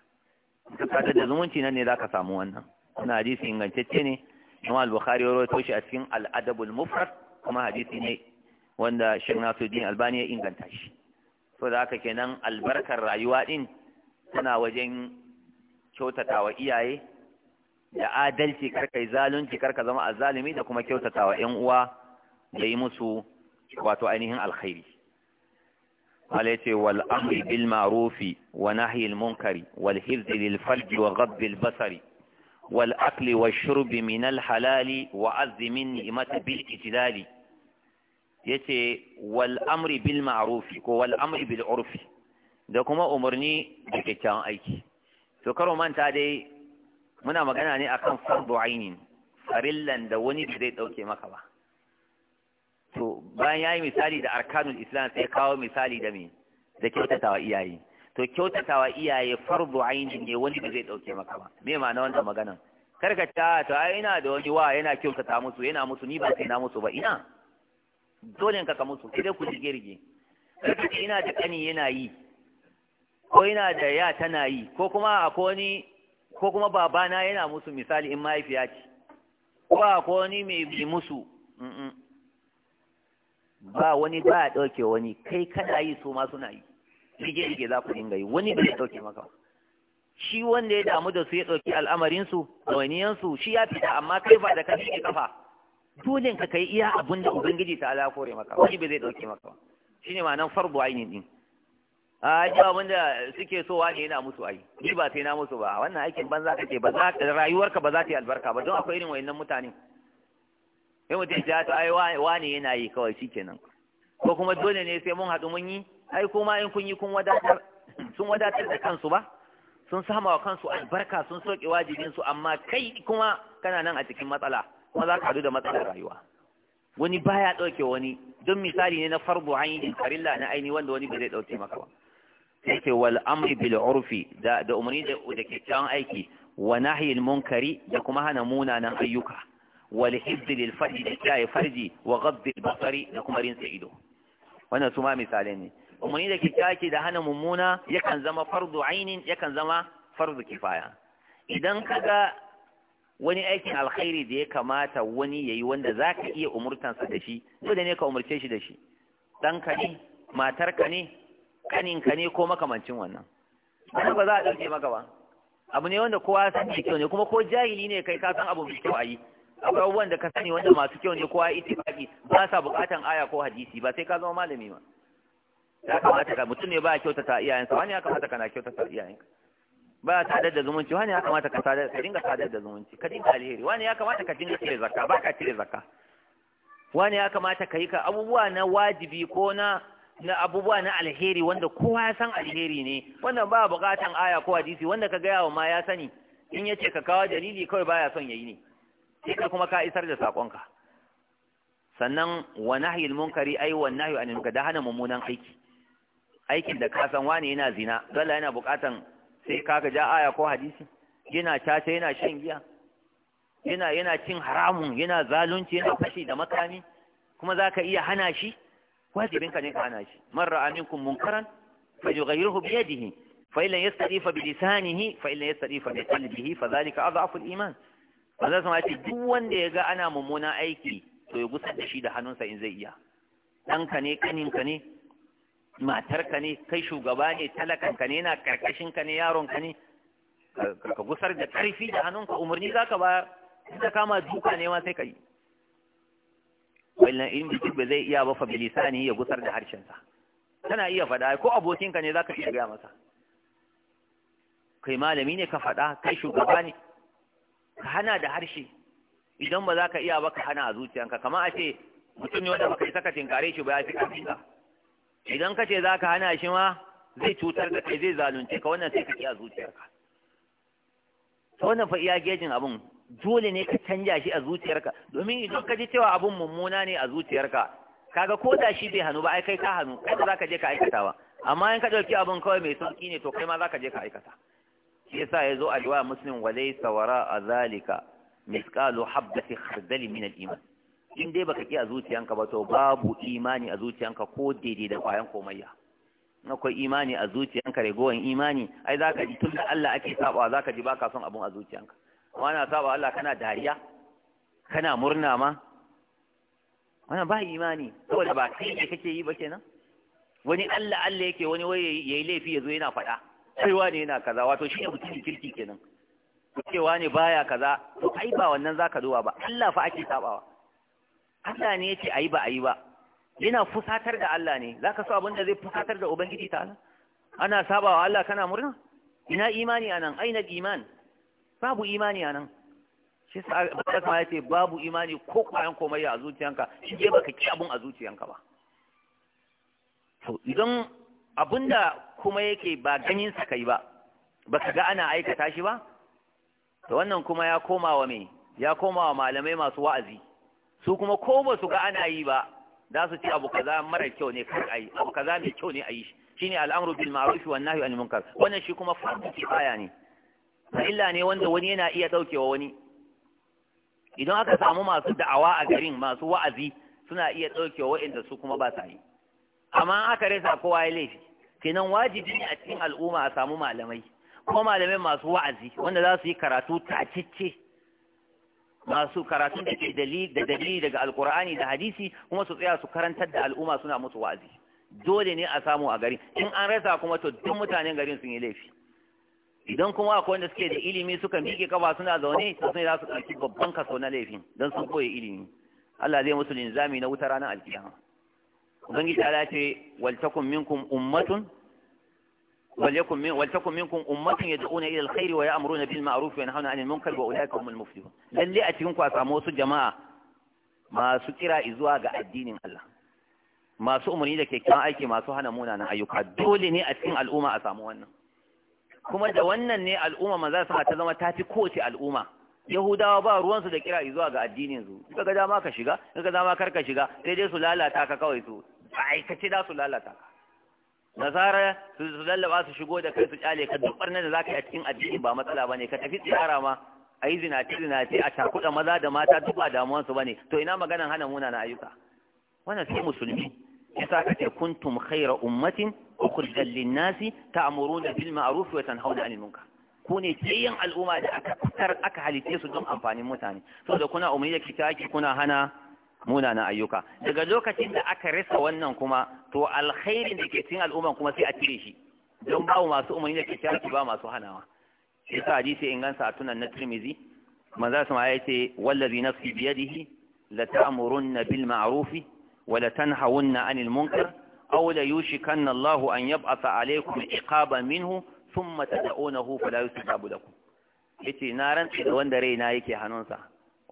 ka sadar da zumunci nan ne zaka samu wannan wannan hadisi ingantacce ne kuma al-bukhari ya rawaito shi a cikin al-adabul mufrad kuma hadisi ne wanda Sheikh Nasiruddin Albani ya inganta shi so da haka kenan albarkar rayuwa din tana wajen kyautatawa iyaye da adalci karkai zalunci karka zama azalumi da kuma kyautatawa ƴan uwa da yi musu wato ainihin alkhairi عليه والأمر بالمعروف ونهي المنكر والحفظ للفرج وغض Basari. والأكل والشرب من الحلال وعز من نعمة بالإجلال يتي والأمر بالمعروف والأمر بالعرف da kuma umarni da kyakkyawan aiki to karo manta dai muna magana ne akan fardu ainin farillan da wani da zai ɗauke maka ba to bayan yayi misali da arkanul islam sai kawo misali da me da kyautatawa iyaye to kyautatawa iyaye fardu ainihin ne wani da zai dauke maka ba me ma'ana wanda magana karka ta ah, to ai ina da wani wa yana kyautata musu yana musu ni ba sai na musu ba ina dole ka ka musu sai dai ku rige rige karka ce ina da kani yana yi ko ina da ya tana yi ko kuma akwai wani ko kuma babana yana musu misali in mahaifiya ce ko akwai wani mai bi musu ba wani ba a ɗauke wani kai kana yi su ma suna yi rige rige za ku dinga yi wani bai dauke maka shi wanda ya damu da su ya dauki al'amarin su su shi ya fita amma kai ba da ka rike kafa dole ka kai iya abin da ubangiji ta ala kore maka wani bai zai dauke maka Shi ne ma'anar farbu ainihin din a ji abin da suke so wa ne yana musu ai ni ba sai na musu ba wannan aikin banza kake ba za rayuwarka ba za ta yi albarka ba don akwai irin wayannan mutane sai mutum ya ta ai wani yana yi kawai shikenan ko kuma dole ne sai mun haɗu mun yi ai kuma in kun yi kun wadatar sun wadatar da kansu ba sun sama wa kansu albarka sun soke wajibin su amma kai kuma kana nan a cikin matsala kuma za ka hadu da matsalar rayuwa wani baya dauke wani don misali ne na farbu ainihin karilla na aini wanda wani ba zai dauke maka ba sai wal amri bil urfi da da umarni da da kyakkyawan aiki wa nahyil munkari da kuma hana munanan ayyuka wal hibd lil farji da kiyaye farji wa ghadd al basari da kuma rinsa ido wannan su ma misalai ne umarni da kyakkyawa da hana mummuna yakan zama fardu ainin yakan zama fardu kifaya idan kaga wani aikin alkhairi da ya kamata wani yayi wanda zaka iya umurtansa da shi dole ne ka umurce shi da shi ka ne matarka ne ka ne ko makamancin wannan wani ba za a ɗauke maka ba abu ne wanda kowa san shi kyau ne kuma ko jahili ne kai ka san abu mai kyau ayi akwai abubuwan da ka sani wanda masu kyau ne kowa yi baki ba sa bukatan aya ko hadisi ba sai ka zama malami ba ya kamata ka mutum ne ba ya kyautata iyayensa wani ya kamata kana kyautata iyayenka ba ya sadar da zumunci wani ya kamata ka sadar ka dinga sadar da zumunci ka dinga alheri wani ya kamata ka dinga cire zakka ba ka cire zakka wani ya kamata ka yi ka abubuwa na wajibi ko na na abubuwa na alheri wanda kowa ya san alheri ne wannan ba buƙatan aya ko hadisi wanda ka gaya wa ma ya sani in yace ka kawo dalili kawai baya son yi ne sai ka kuma ka isar da saƙonka. sannan wa nahyil munkari ayi wa nahyi anil munkar da hana mummunan aiki aikin da ka san yana zina zalla yana bukatan sai kaka ja aya ko hadisi yana caca yana shan giya yana yana cin haramun yana zalunci yana fashi da makami kuma zaka iya hana shi wajibin ka ne ka hana shi man ra'a minkum munkaran falyughayyirhu bi yadihi fa illam yastadifa bi lisanihi fa illam yastadifa bi qalbihi fa dhalika adhafu al-iman manzo sama ce duk wanda ya ga ana mummuna aiki to ya gusa da shi da hannunsa in zai iya ɗanka ne kaninka ne matarka ne kai shugaba ne talakanka ne yana karkashinka ne yaronka ne ka gusar da ƙarfi da hannunka umarni za ka bayar da kama duka ne ma sai ka yi wannan in mutum ba zai iya ba fa bilisani ya gusar da harshensa tana iya faɗa ko abokinka ne za ka iya gaya masa kai malami ne ka faɗa kai shugaba ne ka hana da harshe idan ba za ka iya ba ka hana a zuciyanka kamar a ce mutum ne wanda baka yi saka kare shi ba ya fi ba idan ka ce za ka hana shi ma zai cutar da kai zai zalunce ka wannan sai ka a zuciyarka ta wannan fa iya gejin abun dole ne ka canja shi a zuciyarka domin idan ka ji cewa abun mummuna ne a zuciyarka kaga ko da shi bai hannu ba ai kai ka hannu kai za ka je ka aikata ba amma in ka ɗauki abun kawai mai sauki ne to kai ma za ka je ka aikata shi yasa ya zo a riwaya muslim wa laysa wara a zalika misqalu habbati khardali min al-iman in dai baka ki a zuciyanka ba to babu imani a zuciyanka ko daidai da kwayan komayya akwai imani a zuciyanka ragowar imani ai zaka ji tunda Allah ake sabawa zaka ji baka son abun a zuciyanka amma ana saba Allah kana dariya kana murna ma wannan ba imani saboda ba kai ne kake yi ba kenan wani Allah Allah yake wani waye yayi laifi yazo yana faɗa kaiwa ne yana kaza wato shi ne mutum kirki kenan cewa ne baya kaza to ai ba wannan zaka duba ba Allah fa ake sabawa Allah ne ya ce a yi ba a yi ba yana fusatar da Allah ne Za ka so abin da zai fusatar da ubangiji ta ta'ala ana saba wa Allah kana murna ina imani anan aina iman babu imani anan shi sa Abbas ya ce babu imani ko kwayan komai a zuciyanka shi dai baka ki abun a zuciyanka ba to idan abinda kuma yake ba ganin sa kai ba ba ka ga ana aikata shi ba to wannan kuma ya koma wa mai, ya koma wa malamai masu wa'azi su kuma ko ba su ga ana yi ba za su ce abu kaza mara kyau ne kar a yi abu kaza mai kyau ne a yi shi ne al'amru bil ma'ruf wan nahyu anil munkar wannan shi kuma farko kifaya ne illa ne wanda wani yana iya daukewa wani idan aka samu masu da'awa a garin masu wa'azi suna iya daukewa waɗanda su kuma ba sa yi amma aka rasa kowa ya laifi kenan wajibi ne a cikin al'umma a samu malamai ko malamai masu wa'azi wanda za su yi karatu tacicce masu karatu da ke da dalili daga alkur'ani da hadisi kuma su tsaya su karantar da al'umma suna musu wa'azi dole ne a samu a gari in an rasa kuma to duk mutanen garin sun yi laifi idan kuma akwai wanda suke da ilimi suka miƙe kafa suna zaune to sun za su ɗauki babban kaso na laifin don sun koya ilimi Allah zai musu linzami na wuta ranar alkiyama ubangiji ta ce wal minkum ummatun وليكن من ولتكن منكم أمة يدعون a الخير ويأمرون بالمعروف وينهون عن المنكر وأولئك هم المفلحون لن لي أتيكم أسامو جماعة ما سكر إزوا ga addinin Allah masu umarni da kyakkyawan aiki masu hana munanan ayyuka dole ne a cikin al'umma a samu wannan kuma da wannan ne al'umma maza su ta zama tafi fi kowace al'umma yahudawa ba ruwansu da kira zuwa ga addinin su suka ga dama ka shiga suka dama kar ka shiga sai dai su lalata ka kawai su a aikace da su lalata ka nasara su lallaba su shigo da kai su kyale ka duk barnan da zaka yi a cikin addini ba matsala bane ka tafi tsara ma a yi zinace zinace a takuda maza da mata duk ba damuwansu bane to ina maganan hana muna na ayyuka wannan sai musulmi yasa ka ce kuntum khaira ummatin ukhrijat lin-nasi ta'muruna bil ma'ruf wa tanhauna 'anil munkar ku ne yin al'umma da aka kutar aka halice su don amfanin mutane saboda kuna umarni da kitaki kuna hana munanan ayyuka daga lokacin da aka rasa wannan kuma to alkhairin da ke cikin al'umman kuma sai a cire shi don babu masu umarni da ke shaki ba masu hanawa shi sa hadisi ingansa a tunan na Tirmidhi manzo sama ya ce wallazi nafsi biyadihi la ta'murunna bil ma'ruf wa la tanhawunna 'anil munkar aw la yushikanna Allah an yab'atha 'alaykum iqaban minhu thumma tad'unahu fala yustajabu lakum yace na rantsi da wanda raina yake hannunsa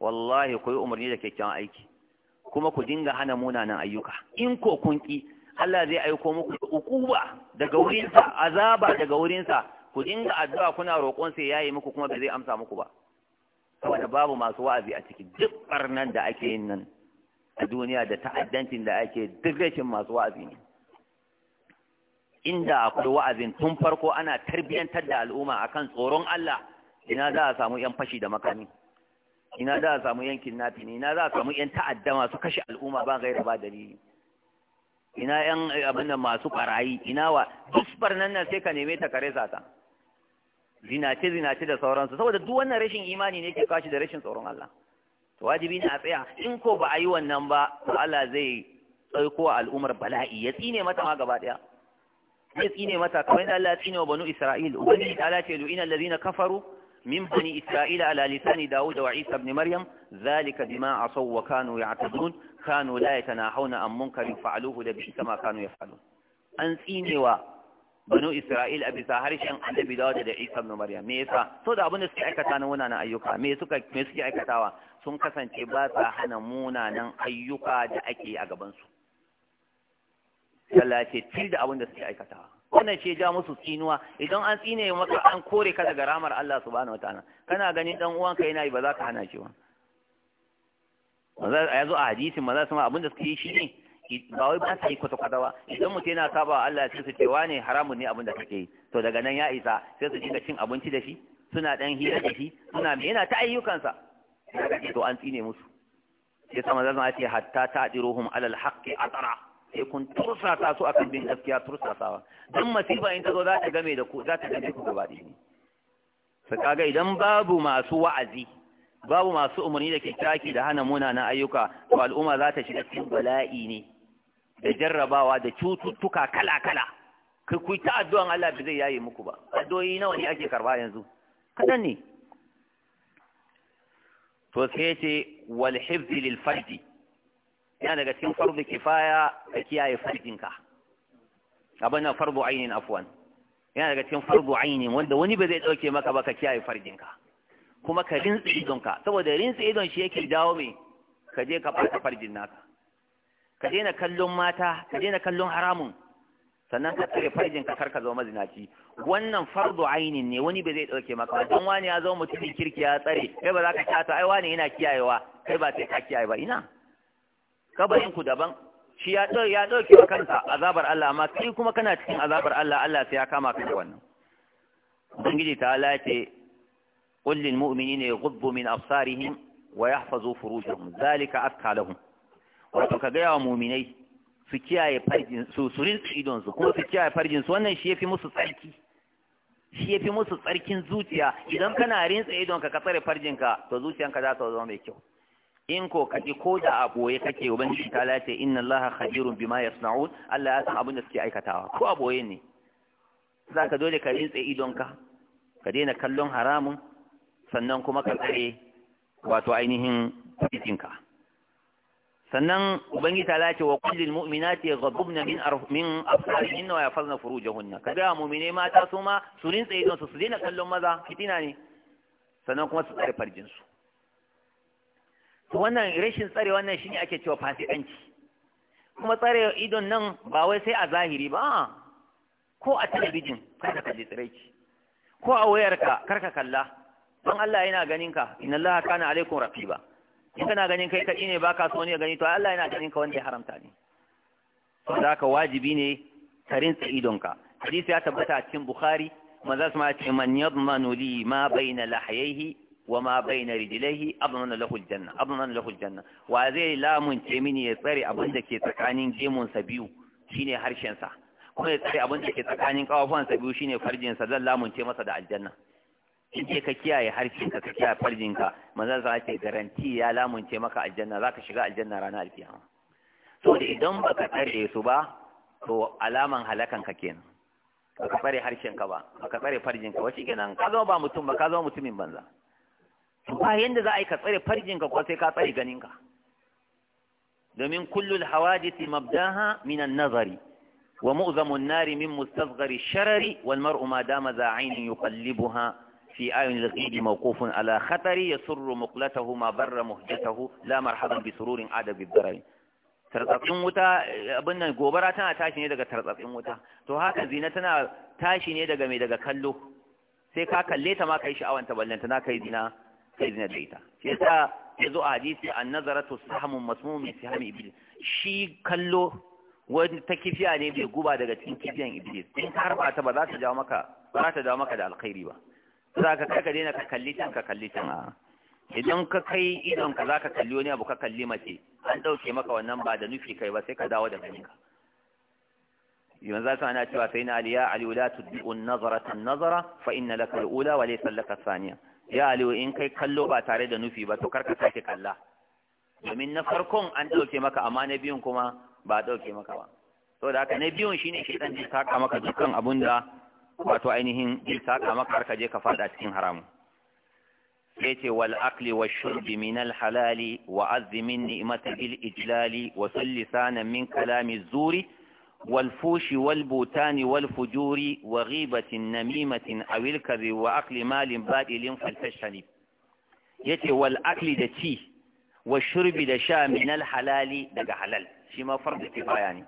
wallahi koyi umarni da kyakkyawan aiki kuma ku dinga hana munanan ayyuka in ko kun ki Allah zai aiko muku ukuba daga wurinsa azaba daga wurinsa ku dinga addu'a kuna roƙon sai yayi muku kuma ba zai amsa muku ba saboda babu masu wa'azi a ciki duk barnan da ake yin nan a duniya da ta'addancin da ake duk rashin masu wa'azi ne inda akwai wa'azin tun farko ana tarbiyyantar da al'umma akan tsoron Allah ina za a samu yan fashi da makami ina za a samu yankin nafi ina za a samu yan ta'adda masu kashe al'umma ba gaira ba dalili ina yan eh, abin da masu barayi ina wa dusbar nan nan sai ka neme ta kare ta? zinace zinace da sauransu saboda duk wannan rashin imani ne ke kashi da rashin tsoron Allah to wajibi ne a tsaya in ko ba a yi wannan ba to Allah zai tsaiko al'ummar bala'i ya tsine mata ma gaba daya ya tsine mata kamar yadda Allah ya tsine wa banu Isra'il ubangiji ta lace lu'ina allazina kafaru من بني إسرائيل على لسان داود وعيسى بن مريم ذلك بما عصوا وكانوا يعتدون كانوا لا يتناحون عن منكر فعلوه لبئس ما كانوا يفعلون an tsinewa banu Isra'il a bisa harshen annabi Dawud da Isa ibn Maryam me yasa so da abin da suke aikata na ayyuka me suka aikatawa sun kasance basa sa hana munanan ayyuka da ake a gabansu. su Allah ce da abin da aikatawa wannan ce ja musu tsinuwa idan an tsine maka an kore ka daga ramar Allah subhanahu wataala kana ganin dan uwanka yana yi ba za ka hana shi ba ya zo a hadisin maza sama abinda suka yi shi ne ba wai ba sa yi kwata-kwata ba idan mutum yana saba Allah sai su ce wane haramun ne abin da kake yi to daga nan ya isa sai su dinga cin abinci da shi suna dan hira da shi suna yana ta ayyukansa to an tsine musu sai sama zan ce hatta ta'diruhum alal haqqi atara sai kun tursasa su akan bin gaskiya tursasawa dan masifa in tazo za ta game da ku za ta game ku gaba ɗaya sai kaga idan babu masu wa'azi babu masu umarni da kyakkyaki da hana munanan ayyuka to al'umma za ta shiga cikin bala'i ne da jarrabawa da cututtuka kala-kala kai ku ta addu'an Allah ba zai yaye muku ba addu'o'i nawa ne ake karba yanzu kadan ne to sai ce wal hifzi lil fardi yana daga cikin fardu kifaya ka kiyaye farjinka abin nan ainihin ainin afwan yana daga cikin farbu ainihin wanda wani ba zai dauke maka ba ka kiyaye farjinka kuma ka rinsa idonka saboda rinsa idon shi yake dawo mai ka je ka ɓata farjin naka ka daina kallon mata ka daina kallon haramun sannan ka tsare farjin ka karka zama mazinaci wannan fardu ainihin ne wani ba zai dauke maka don wani ya zama mutumin kirki ya tsare kai ba za ka kyata ai wani yana kiyayewa kai ba sai ka kiyaye ba ina kabarin ku daban shi ya ya wa kansa azabar Allah amma kai kuma kana cikin azabar Allah Allah sai ya kama ka da wannan ubangiji ta Allah ce qul lil mu'minina yughdhu min absarihim wa yahfazu furujahum zalika atka lahum wato ka gaya wa mu'minai su kiyaye farjin su su idon su kuma su kiyaye farjin su wannan shi yafi musu tsarki shi yafi musu tsarkin zuciya idan kana rinsa idon ka ka tsare farjin ka to zuciyanka za ta zama mai kyau in ko kaji ko da a boye kake ubangiji ta lace inna allaha khabirun bima yasna'un Allah ya san abin da suke aikatawa ko a boye ne ka dole ka rintse idonka ka daina kallon haramun sannan kuma ka tsare wato ainihin cikinka sannan ubangiji ta lace wa kullil mu'minati yaghdubna min min afsarihin wa yafzna furujahunna ga mu'mine mata su ma su rintse idon su su daina kallon maza fitina ne sannan kuma su tsare farjinsu wannan rashin tsare wannan shine ake cewa fasikanci kuma tsare idon nan ba wai sai a zahiri ba ko a talabijin kada ka ji tsiraici ko a wayarka kar ka kalla don Allah yana ganin ka inna Allah kana alaikum rafiba". in kana ganin kai kaɗi ne baka so ne gani to Allah yana ganin ka wanda ya haramta ne to da ka wajibi ne ka rinsa ka hadisi ya tabbata a cikin Bukhari manzo sama ma ce man yadmanu li ma bayna lahayhi وما بين رجليه أضمن له الجنة أضمن له الجنة وهذه لام تمني يطري أبن دك تكانين جيمون سبيو شيني هرشن سا kuma ya tsare abin da ke tsakanin kawafansa biyu shine farjinsa zan lamunce masa da aljanna in ce kiyaye harshen ka ka kiyaye farjinka manzon sa garanti ya lamunce maka aljanna zaka shiga aljanna ranar alkiyama to da idan baka tsare su ba to alaman halakan ka kenan baka tsare harshen ka ba baka tsare farjinka ba shikenan ka zama ba mutum ba ka zama mutumin banza ba yanda za a yi ka tsare farjinka ko sai ka tsare ganinka domin kullul hawadisi mabdaha minan nazari wa mu'zamun nari min mustasghari sharari wal mar'u ma dama za ainin yuqallibuha fi ayin al-ghidi mawqufun ala khatari yasurru muqlatahu ma barra muhjatahu la marhaban bi sururin ada bi darari tartsatsin wuta abin nan gobara tana tashi ne daga tartsatsin wuta to haka zina tana tashi ne daga mai daga kallo sai ka kalle ta ma kai sha'awanta ballanta na kai zina kai zina da yasa ya zo a hadisi an nazaratu sahamun masmumin sihami iblis shi kallo wani ta kifiya ne bai guba daga cikin kifiyan iblis in ka harba ta ba za ta jawo maka da alkhairi ba za ka kai ka daina kalli can ka kalli can a idan ka kai za ka kalli wani abu ka kalli mace an ɗauke maka wannan ba da nufi kai ba sai ka dawo da ganinka yanzu ana cewa sai na aliya aliyu la tudbi'un nazaratan nazara fa inna laka al'ula wa laysa laka saniya. ya aliyu in kai kallo ba tare da nufi ba to kar ka sake kalla domin na farkon an ɗauke maka amma na biyun kuma ba a ɗauke maka ba to da haka na biyun shine shi dan ji saka maka dukkan abun da wato ainihin ji saka maka har ka je ka faɗa cikin haramu sai ce wal akli wa shurbi min al halali wa azmi min bil ijlali wa sul lisanan min kalami zuri والفوش والبوتان والفجور وغيبة نميمة أو الكذب وأكل مال بادل فلتجتنب يتي والأكل دتي والشرب دشا من الحلال دق حلال شما فرض كفاية يعني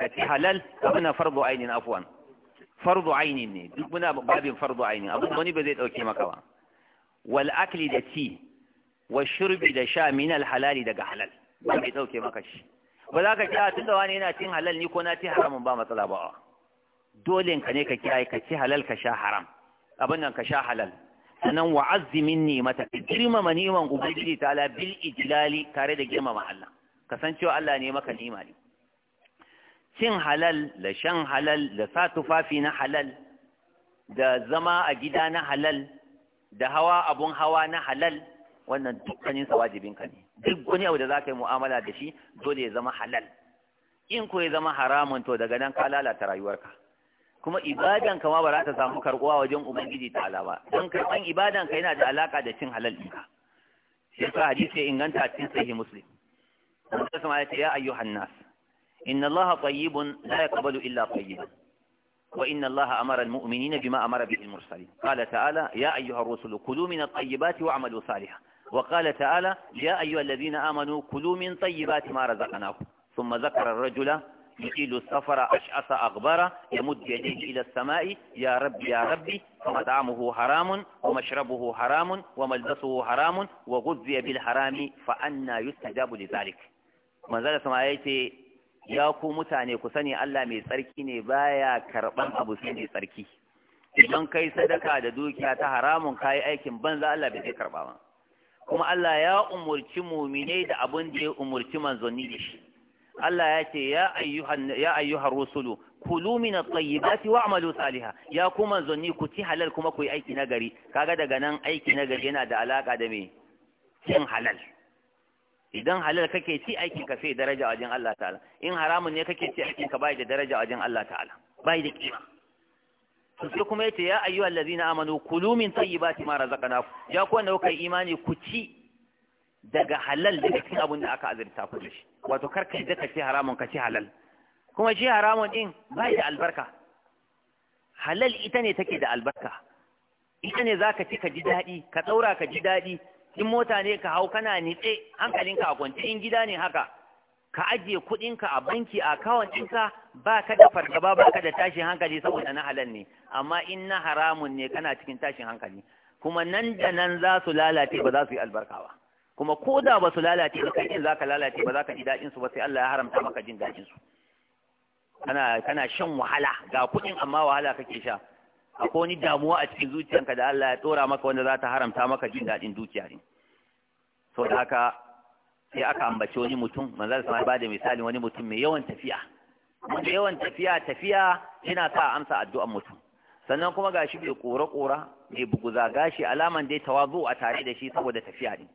كتي حلال أبنا فرض عين أفوا فرض عين ني دقنا باب فرض عين أبو بني بزيد أوكي مكوا والأكل دتي والشرب دشا من الحلال دق حلال بزيد أوكي مكش ba za ka kira tun da wani yana cin halal ni ko na ci haramun ba matsala ba dole ka ne ka kiyaye ka ci halal ka sha haram abin nan ka sha halal sannan wa azzimin ni mata girmama niman ubangiji ta ala bil ijilali tare da girmama Allah cewa Allah ne maka nima ne cin halal da shan halal da sa tufafi na halal da zama a gida na halal da hawa abun hawa na halal wannan dukkanin sa wajibin ka ne duk wani abu da za ka yi mu'amala da shi dole ya zama halal in ko ya zama haramun to daga nan ka lalata rayuwarka kuma ibadan ka ma ba za ta samu karɓuwa wajen ubangiji ta ala ba don karɓan ibadan ka yana da alaka da cin halal ɗinka shi sa hadisi ya inganta cin cikin sahih muslim wanda sama ya ce ya ayyuhan nas inna allaha tayyibun la yaqbalu illa tayyiban وإن الله أمر المؤمنين بما أمر به المرسلين قال تعالى يا أيها الرسل كلوا من الطيبات واعملوا صالحا وقال تعالى يا أيها الذين آمنوا كلوا من طيبات ما رزقناكم ثم ذكر الرجل يطيل السفر أشعث أغبارا يمد يديه إلى السماء يا رب يا ربي فمطعمه حرام ومشربه حرام وملبسه حرام وغذي بالحرام فأنا يستجاب لذلك ما زال سما يأتي ya ku mutane ku sani Allah mai tsarki ne baya karban abu sai mai tsarki idan kai sadaka da dukiya ta haramun kai aikin banza Allah bai karba ba kuma Allah ya umurci muminai da abin da ya umurci manzanni da shi Allah ya ce ya ayyuhan ya ayyuhar rusulu kulu min at-tayyibati wa'malu salihan ya ku manzanni ku ci halal kuma ku yi aiki nagari kaga daga nan aiki nagari yana da alaka da me cin halal idan halal kake ci aikin ka sai daraja wajen Allah ta'ala in haramun ne kake ci aikin ka bai da daraja wajen Allah ta'ala bai da kima to sai kuma yace ya ayyuhal na amanu kulu min tayyibati ma razaqnakum ya ku wanda kuka yi imani ku ci daga halal daga cikin abin da aka azurta ku da wato kar ka da ka ci haramun ka ci halal kuma shi haramun ɗin ba da albarka halal ita ne take da albarka ita ne zaka ci ka ji daɗi ka tsaura ka ji daɗi in mota ne ka hau kana nitse hankalinka a kwance in gida ne haka ka ajiye kuɗinka a banki a kawon ɗinka ba ka da fargaba ba ka da tashin hankali saboda na halal ne amma in na haramun ne kana cikin tashin hankali kuma nan da nan za su lalace ba za su yi albarka ba kuma ko da ba su lalace ba kai za ka lalace ba za ka ji daɗin su ba sai Allah ya haramta maka jin daɗin su kana kana shan wahala ga kuɗin amma wahala kake sha akwai wani damuwa a cikin zuciyarka da Allah ya ɗora maka wanda za ta haramta maka jin daɗin dukiya ne saboda haka sai aka ambaci wani mutum manzo sama ba da misali wani mutum mai yawan tafiya wanda yawan tafiya tafiya yana sa amsa addu'an mutum sannan kuma gashi bai kora kora mai buguza gashi alaman dai tawazu a tare da shi saboda tafiya din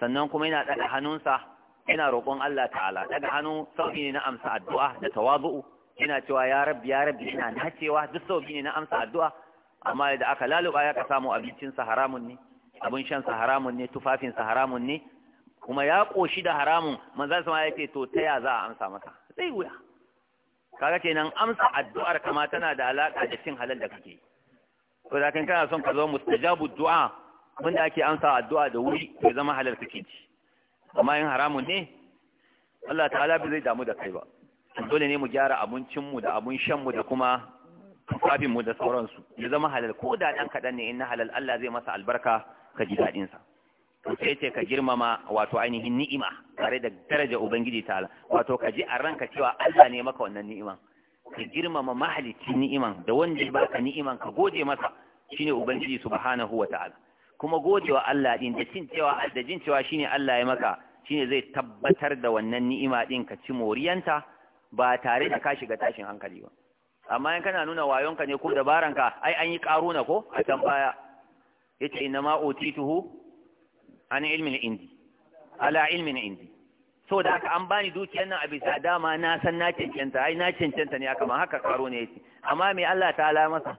sannan kuma yana daga hannunsa yana roƙon Allah ta'ala daga hannu sauki ne na amsa addu'a da tawazu yana cewa ya rabbi ya rabbi ina cewa duk sauki ne na amsa addu'a amma da aka laluba ya ka samu abincinsa haramun ne shan sa haramun ne tufafinsa haramun ne kuma ya ƙoshi da haramun manzan sama ya ce to ta ya za a amsa masa zai wuya kaga kenan amsa addu'ar kama tana da alaƙa da cin halal da kake to da kan kana son ka zama mustajabu du'a da ake amsa addu'a da wuri ya zama halal kake ci amma in haramun ne Allah ta'ala bai zai damu da kai ba dole ne mu gyara abincinmu da abun shanmu da kuma mu da sauransu ya zama halal ko da ɗan kaɗan ne in na halal Allah zai masa albarka ka ji sa to sai ce ka girmama wato ainihin ni'ima tare da daraja ubangiji ta'ala wato ka ji a ranka cewa Allah ne maka wannan ni'iman ka girmama mahalicci ni'iman da wanda ya baka ni'iman ka gode masa shine ubangiji subhanahu wata'ala kuma godewa Allah din da cin cewa da jin cewa shine Allah ya maka shine zai tabbatar da wannan ni'ima din ka ci moriyanta ba tare da ka shiga tashin hankali ba amma in kana nuna wayonka ne ko dabaranka ai an yi karuna ko a can baya yace inna ma utituhu an na indi ala ilmi na indi so da haka an bani dukiyar nan a bisa dama na san na cancanta ai na cancanta ne aka ma haka karo ne yake amma me Allah ta ala masa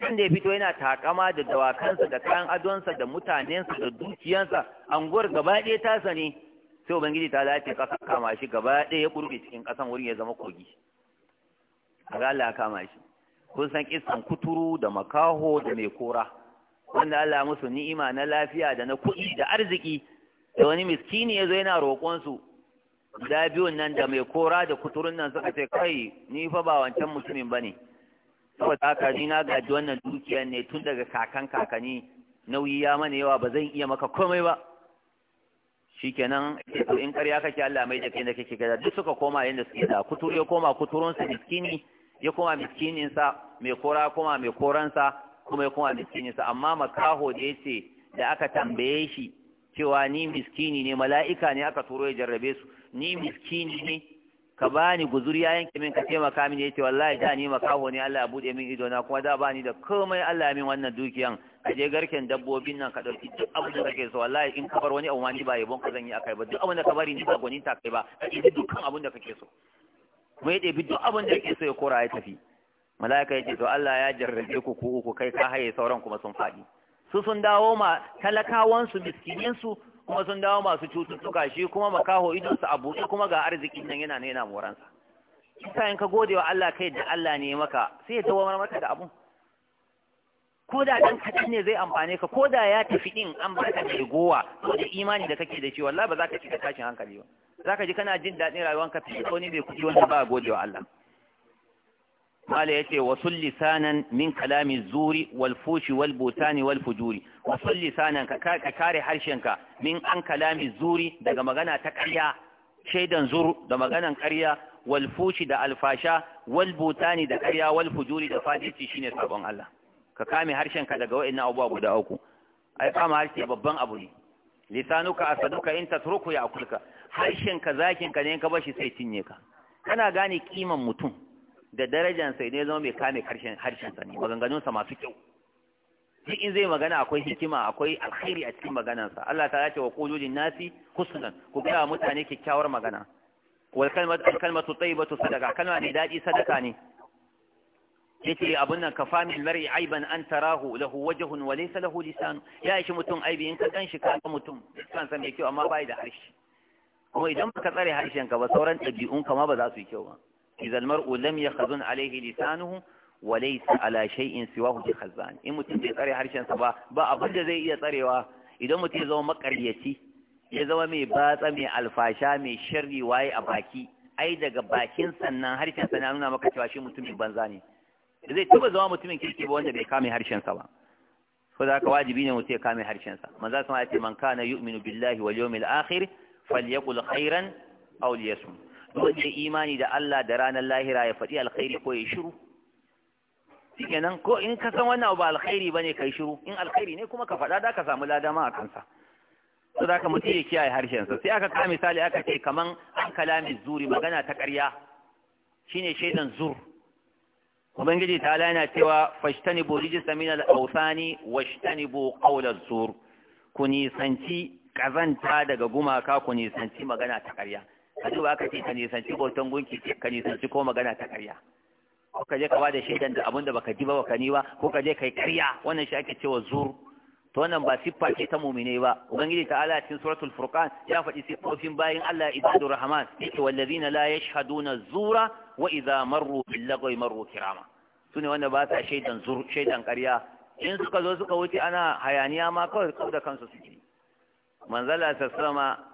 kan da ya fito yana takama da dawakansa da kayan adonsa da mutanensa da dukiyansa anguwar gaba ɗaya ta sani sai ubangiji ta ala ce kama shi gaba ɗaya ya kurbe cikin kasan wurin ya zama kogi a ga Allah ya kama shi kun san kisan kuturu da makaho da mai kora wanda Allah ya musu ni'ima na lafiya da na kuɗi da arziki da wani miskini ya zo yana roƙonsu da biyun nan da mai kora da kuturun nan suka ce kai ni fa ba wancan mutumin ba ne saboda haka ni na gaji wannan dukiyar ne tun daga kakan kakani nauyi ya mana yawa ba zan iya maka komai ba shikenan in ƙarya kake Allah mai da kai da kake gada duk suka koma yanda suke da kuturu ya koma kuturunsa miskini ya koma miskininsa mai kora koma mai koransa kuma ya kuma sa amma makaho da yace da aka tambaye shi cewa ni miskini ne mala'ika ne aka turo ya jarrabe su ni miskini ne ka bani guzuri ya yanke min ka taimaka ya yace wallahi da ni makaho ne Allah ya bude min ido na kuma da bani da komai Allah ya min wannan dukiyan ka je garken dabbobin nan ka dauki duk abin da kake so wallahi in ka bar wani abu ma ni ba yabon ka zan yi akai ba duk abin da ka bari ni ba gwanin ta kai ba ka duk dukkan abin da kake so mu ya ɗebi duk abin da kake so ya kora ya tafi mala'ika ya ce to Allah ya jarrabe ku ku uku kai ka haye sauran kuma sun faɗi su sun dawo ma talakawansu su kuma sun dawo masu cututtuka shi kuma makaho su a buɗe kuma ga arzikin nan yana yana moransa kisa in ka gode wa Allah kai da Allah ne maka sai ya dawo maka da abu? ko da dan kaɗan ne zai amfane ka ko da ya tafi din an baka da gowa ko da imani da kake da shi wallahi ba za ka cika tashin hankali ba za ka ji kana jin daɗin rayuwanka fiye da wani bai kuɗi wanda ba gode wa Allah mala yace wasul lisanan min kalami zuri wal fushi wal butani wal fujuri wasul lisanan ka kare harshenka min an kalami zuri daga magana ta ƙarya shaidan zur da maganan ƙarya wal fushi da alfasha wal butani da ƙarya wal fujuri da fadici shine sabon Allah ka kame harshenka daga wa'annan abubuwa guda uku ai kama harshe babban abu ne lisanuka asaduka in tatruku ya akulka harshenka ka ne in ka bashi sai cinye ka kana gane kiman mutum da darajansa, sai ne zama mai kame karshen harshen sa ne maganganun sa masu kyau duk in zai magana akwai hikima akwai alkhairi a cikin maganansa Allah ta ce wa qulu nasi husnan ku ga mutane kyakkyawar magana wal kalmatu al kalmatu tayyibatu sadaqa kalma ne dadi sadaka ne yace abun nan kafa min mar'i aiban an tarahu lahu wajhun wa laysa lahu lisan ya shi mutum aibi in ka dan shi ka mutum san san mai kyau amma bai da harshe kuma idan baka tsare harshen ka ba sauran dabi'un ka ma ba za su yi kyau ba إذا المرء لم يخزن عليه لسانه وليس على شيء سواه بخزان إن متن تسري حرشان سبا با أبدا زي إيا تريوا إذا متن زو مقريتي mai مي باتا مي الفاشا مي شري واي أباكي ai daga bakin sannan harshen sa na nuna maka mutumin banza ne zai tuba zama mutumin kirki ba wanda bai kame harshen sa ba ko da ka wajibi ne mutum ya kame harshen sa manzo sun ce man kana yu'minu billahi wal yawmil akhir falyaqul khairan aw wanda imani da Allah da ranar lahira ya faɗi alkhairi ko ya shiru kenan ko in ka san wannan ba alkhairi bane kai shiru in alkhairi ne kuma ka faɗa da ka samu ladama a kansa to da ka ya kiyaye harshen sa sai aka ka misali aka ce kaman an kalami zuri magana ta ƙarya shine shaidan zur ubangiji ta ala yana cewa bo rijista min al washtani bo qawl az-zur ku nisanci kazanta daga gumaka ku nisanci magana ta ƙarya ka duba ka ce ka nisanci hoton gunki ka nisanci ko magana ta karya ko ka je ka bada shaidan da abin da baka ji ba baka ni ba ko ka je kai karya wannan shi ake cewa zur to wannan ba siffa ce ta mumine ba ubangiji ta'ala cikin suratul furqan ya faɗi siffofin bayin Allah ibadur rahman yake wallazina la yashhaduna zura wa idza marru bil lagwi marru kirama sune wanda ba sa shaidan zur shaidan karya in suka zo suka wuce ana hayaniya ma kawai da kansu suke manzala sassama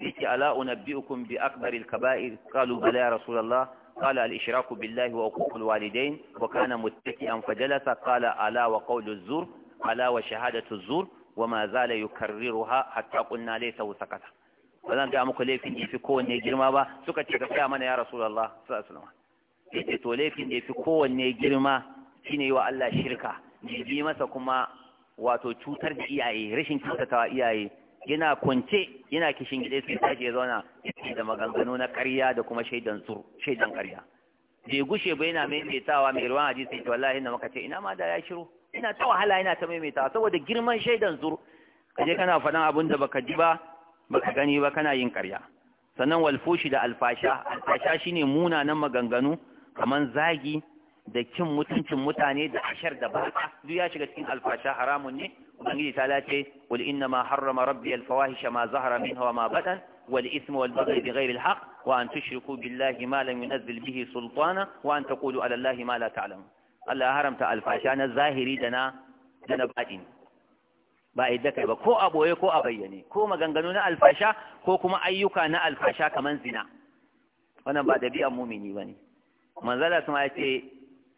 yake ala unabbi'ukum bi akbaril kaba'ir qalu bala ya rasulullah qala al ishraku billahi wa uququl walidain wa kana muttaki'an fajalasa qala ala wa qawlu zur ala wa shahadatu zur wa ma zala yukarriruha hatta qulna laysa sakata ba zan ga muku laifin da fi kowanne girma ba suka ce ka mana ya rasulullah sallallahu alaihi to laifin da fi kowanne girma shine yi wa Allah shirka bi masa kuma wato cutar da iyaye rashin kyautatawa iyaye yana kwance yana kishin gida sai tashi ya zauna da maganganu na ƙarya da kuma shaidan karya. shaidan ƙarya bai gushe ba yana maimaitawa mai ruwan sai to wallahi na makace ina ma da ya shiru ina ta wahala yana ta maimaitawa saboda girman shaidan zur kaje kana faɗan abin da baka ji ba baka gani ba kana yin ƙarya sannan walfushi da alfasha alfasha shine munanan maganganu kamar zagi da kin mutuncin mutane da ashar da baa duk ya shiga cikin alfasha haramun ne ubangiji ta lace qul inna ma harrama rabbi al fawahisha ma zahara minha wa ma badan wal ismu wal baghy bi ghayri al haqq wa an tushriku billahi ma lam yunzil bihi sultana wa an taqulu ala allahi ma la ta'lamun Allah ya haramta alfasha na zahiri da na da na baɗin ba yadda kai ba ko a boye ko a bayyane ko maganganu na alfasha ko kuma ayyuka na alfasha kaman zina wannan ba dabi'an mumini bane manzala sun ce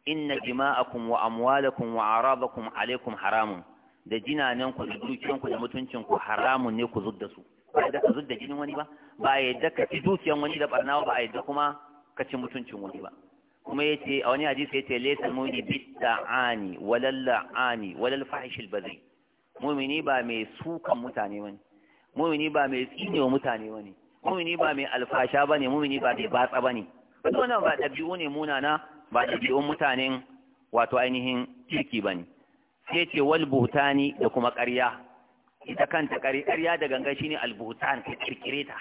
inna jima'akum wa amwalakum wa arabakum alaikum haramun da jinanen ku da dukiyan ku da mutuncin ku haramun ne ku zudda su ba yadda ka zudda jinin wani ba ba yadda ka ci dukiyan wani da barna ba yadda kuma ka ci mutuncin wani ba kuma yace a wani hadisi yace laysa mu'mini bitta'ani walal la'ani walal fahishil bazi mu'mini ba mai sukan mutane wani mu'mini ba mai tsinewa mutane wani mu'mini ba mai alfasha bane mu'mini ba mai batsa bane wannan ba dabi'u ne munana ba dabi'un mutanen wato ainihin kirki bane sai ce wal buhtani da kuma ƙarya ita kanta ƙarya da gangan shine al ka kirkire ta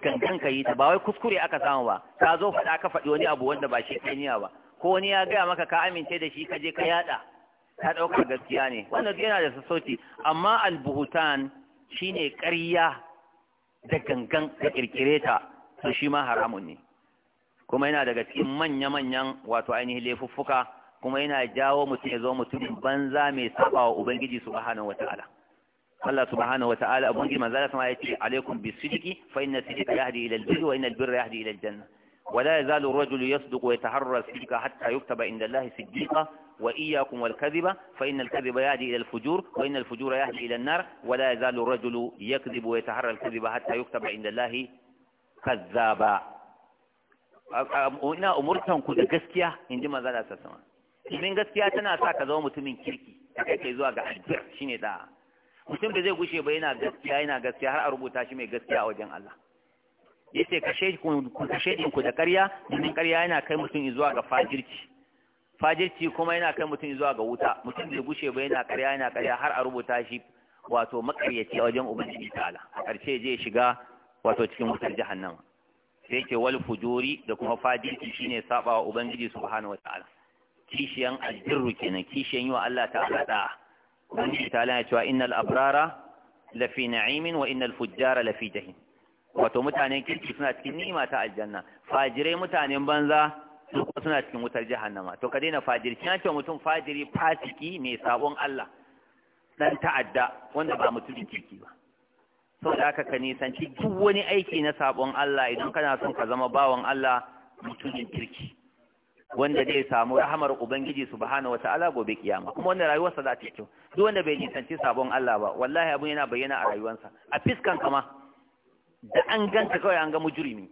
gangan ka yi ta ba wai kuskure aka samu ba ka zo faɗa ka faɗi wani abu wanda ba shi kaniya ba ko wani ya gaya maka ka amince da shi ka je ka yada. ta ɗaukar gaskiya ne wannan yana da sassauci amma al shi shine ƙarya da gangan ka kirkire ta to shi ma haramun ne kuma yana daga cikin manya-manyan wato ainihin laifuffuka kuma yana jawo mutum ya zo mutumin banza mai saba wa ubangiji subhanahu wataala Allah subhanahu wataala ubangiji manzo Allah sama yace alaikum bisidqi fa inna sidqa yahdi ila albirri wa inna albirra yahdi ila aljanna wa la yazalu ar-rajulu yasduqu wa yataharra sidqa hatta yuktaba inda Allah siddiqa wa iyyakum wal kadhiba fa inna al-kadhiba yahdi ila al-fujur wa inna al-fujura yahdi ila an-nar wa la yazalu ar-rajulu yakdhibu wa yataharra al-kadhiba hatta yuktaba inda Allah kazzaba ina umurtan ku da gaskiya inji manzo Allah sallallahu alaihi wasallam domin gaskiya tana sa ka zama mutumin kirki ta kai kai zuwa ga shi shine da mutum da zai gushe ba yana gaskiya yana gaskiya har a rubuta shi mai gaskiya a wajen Allah yace ka shaidin ku da ƙarya domin ƙarya yana kai mutum zuwa ga fajirci fajirci kuma yana kai mutum zuwa ga wuta mutum da gushe ba yana ƙarya yana ƙarya har a rubuta shi wato makaryaci a wajen ubangiji ta'ala a ƙarshe zai shiga wato cikin wutar jahannama sai ce wal fujuri da kuma fajirci shine sabawa ubangiji subhanahu wataala kishiyan albirru kenan kishiyan yi wa Allah ta'ala da wani ta lana cewa innal abrara lafi na'imin wa innal fujjara lafi jahim wato mutanen kirki suna cikin ni'ima ta aljanna fajirai mutanen banza su suna cikin wutar jahannama to ka daina fajiri kina ce mutum fajiri fasiki mai sabon Allah dan ta'adda wanda ba mutumin kirki ba saboda aka ka nisanci duk wani aiki na sabon Allah idan kana son ka zama bawan Allah mutumin kirki wanda zai samu rahamar ubangiji subhanahu wataala gobe kiyama kuma wannan rayuwarsa za ta yi kyau duk wanda bai nisanci sabon Allah ba wallahi abun yana bayyana a rayuwarsa a fiskan kama da an ganta kawai an ga mujrimi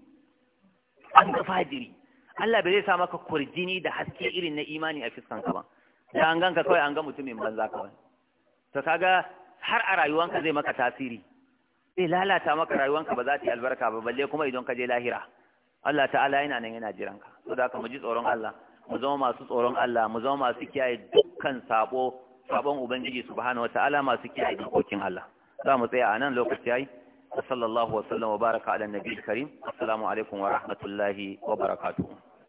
an ga fajiri Allah bai zai sa maka kurjini da haske irin na imani a fiskan ka ba da an ganka kawai an ga mutumin banza kawai to kaga har a rayuwarka zai maka tasiri zai lalata maka rayuwarka ba za ta yi albarka ba balle kuma idan ka je lahira Allah ta'ala yana nan yana jiran ka saboda ka mu ji tsoron Allah mu zama masu tsoron Allah mu zama masu kiyaye dukkan sabo sabon ubangiji subhanahu ta'ala masu kiyaye dokokin Allah za mu tsaya a nan lokaci yayi sallallahu wa sallam wa baraka ala nabiyil karim assalamu alaikum wa rahmatullahi wa barakatuh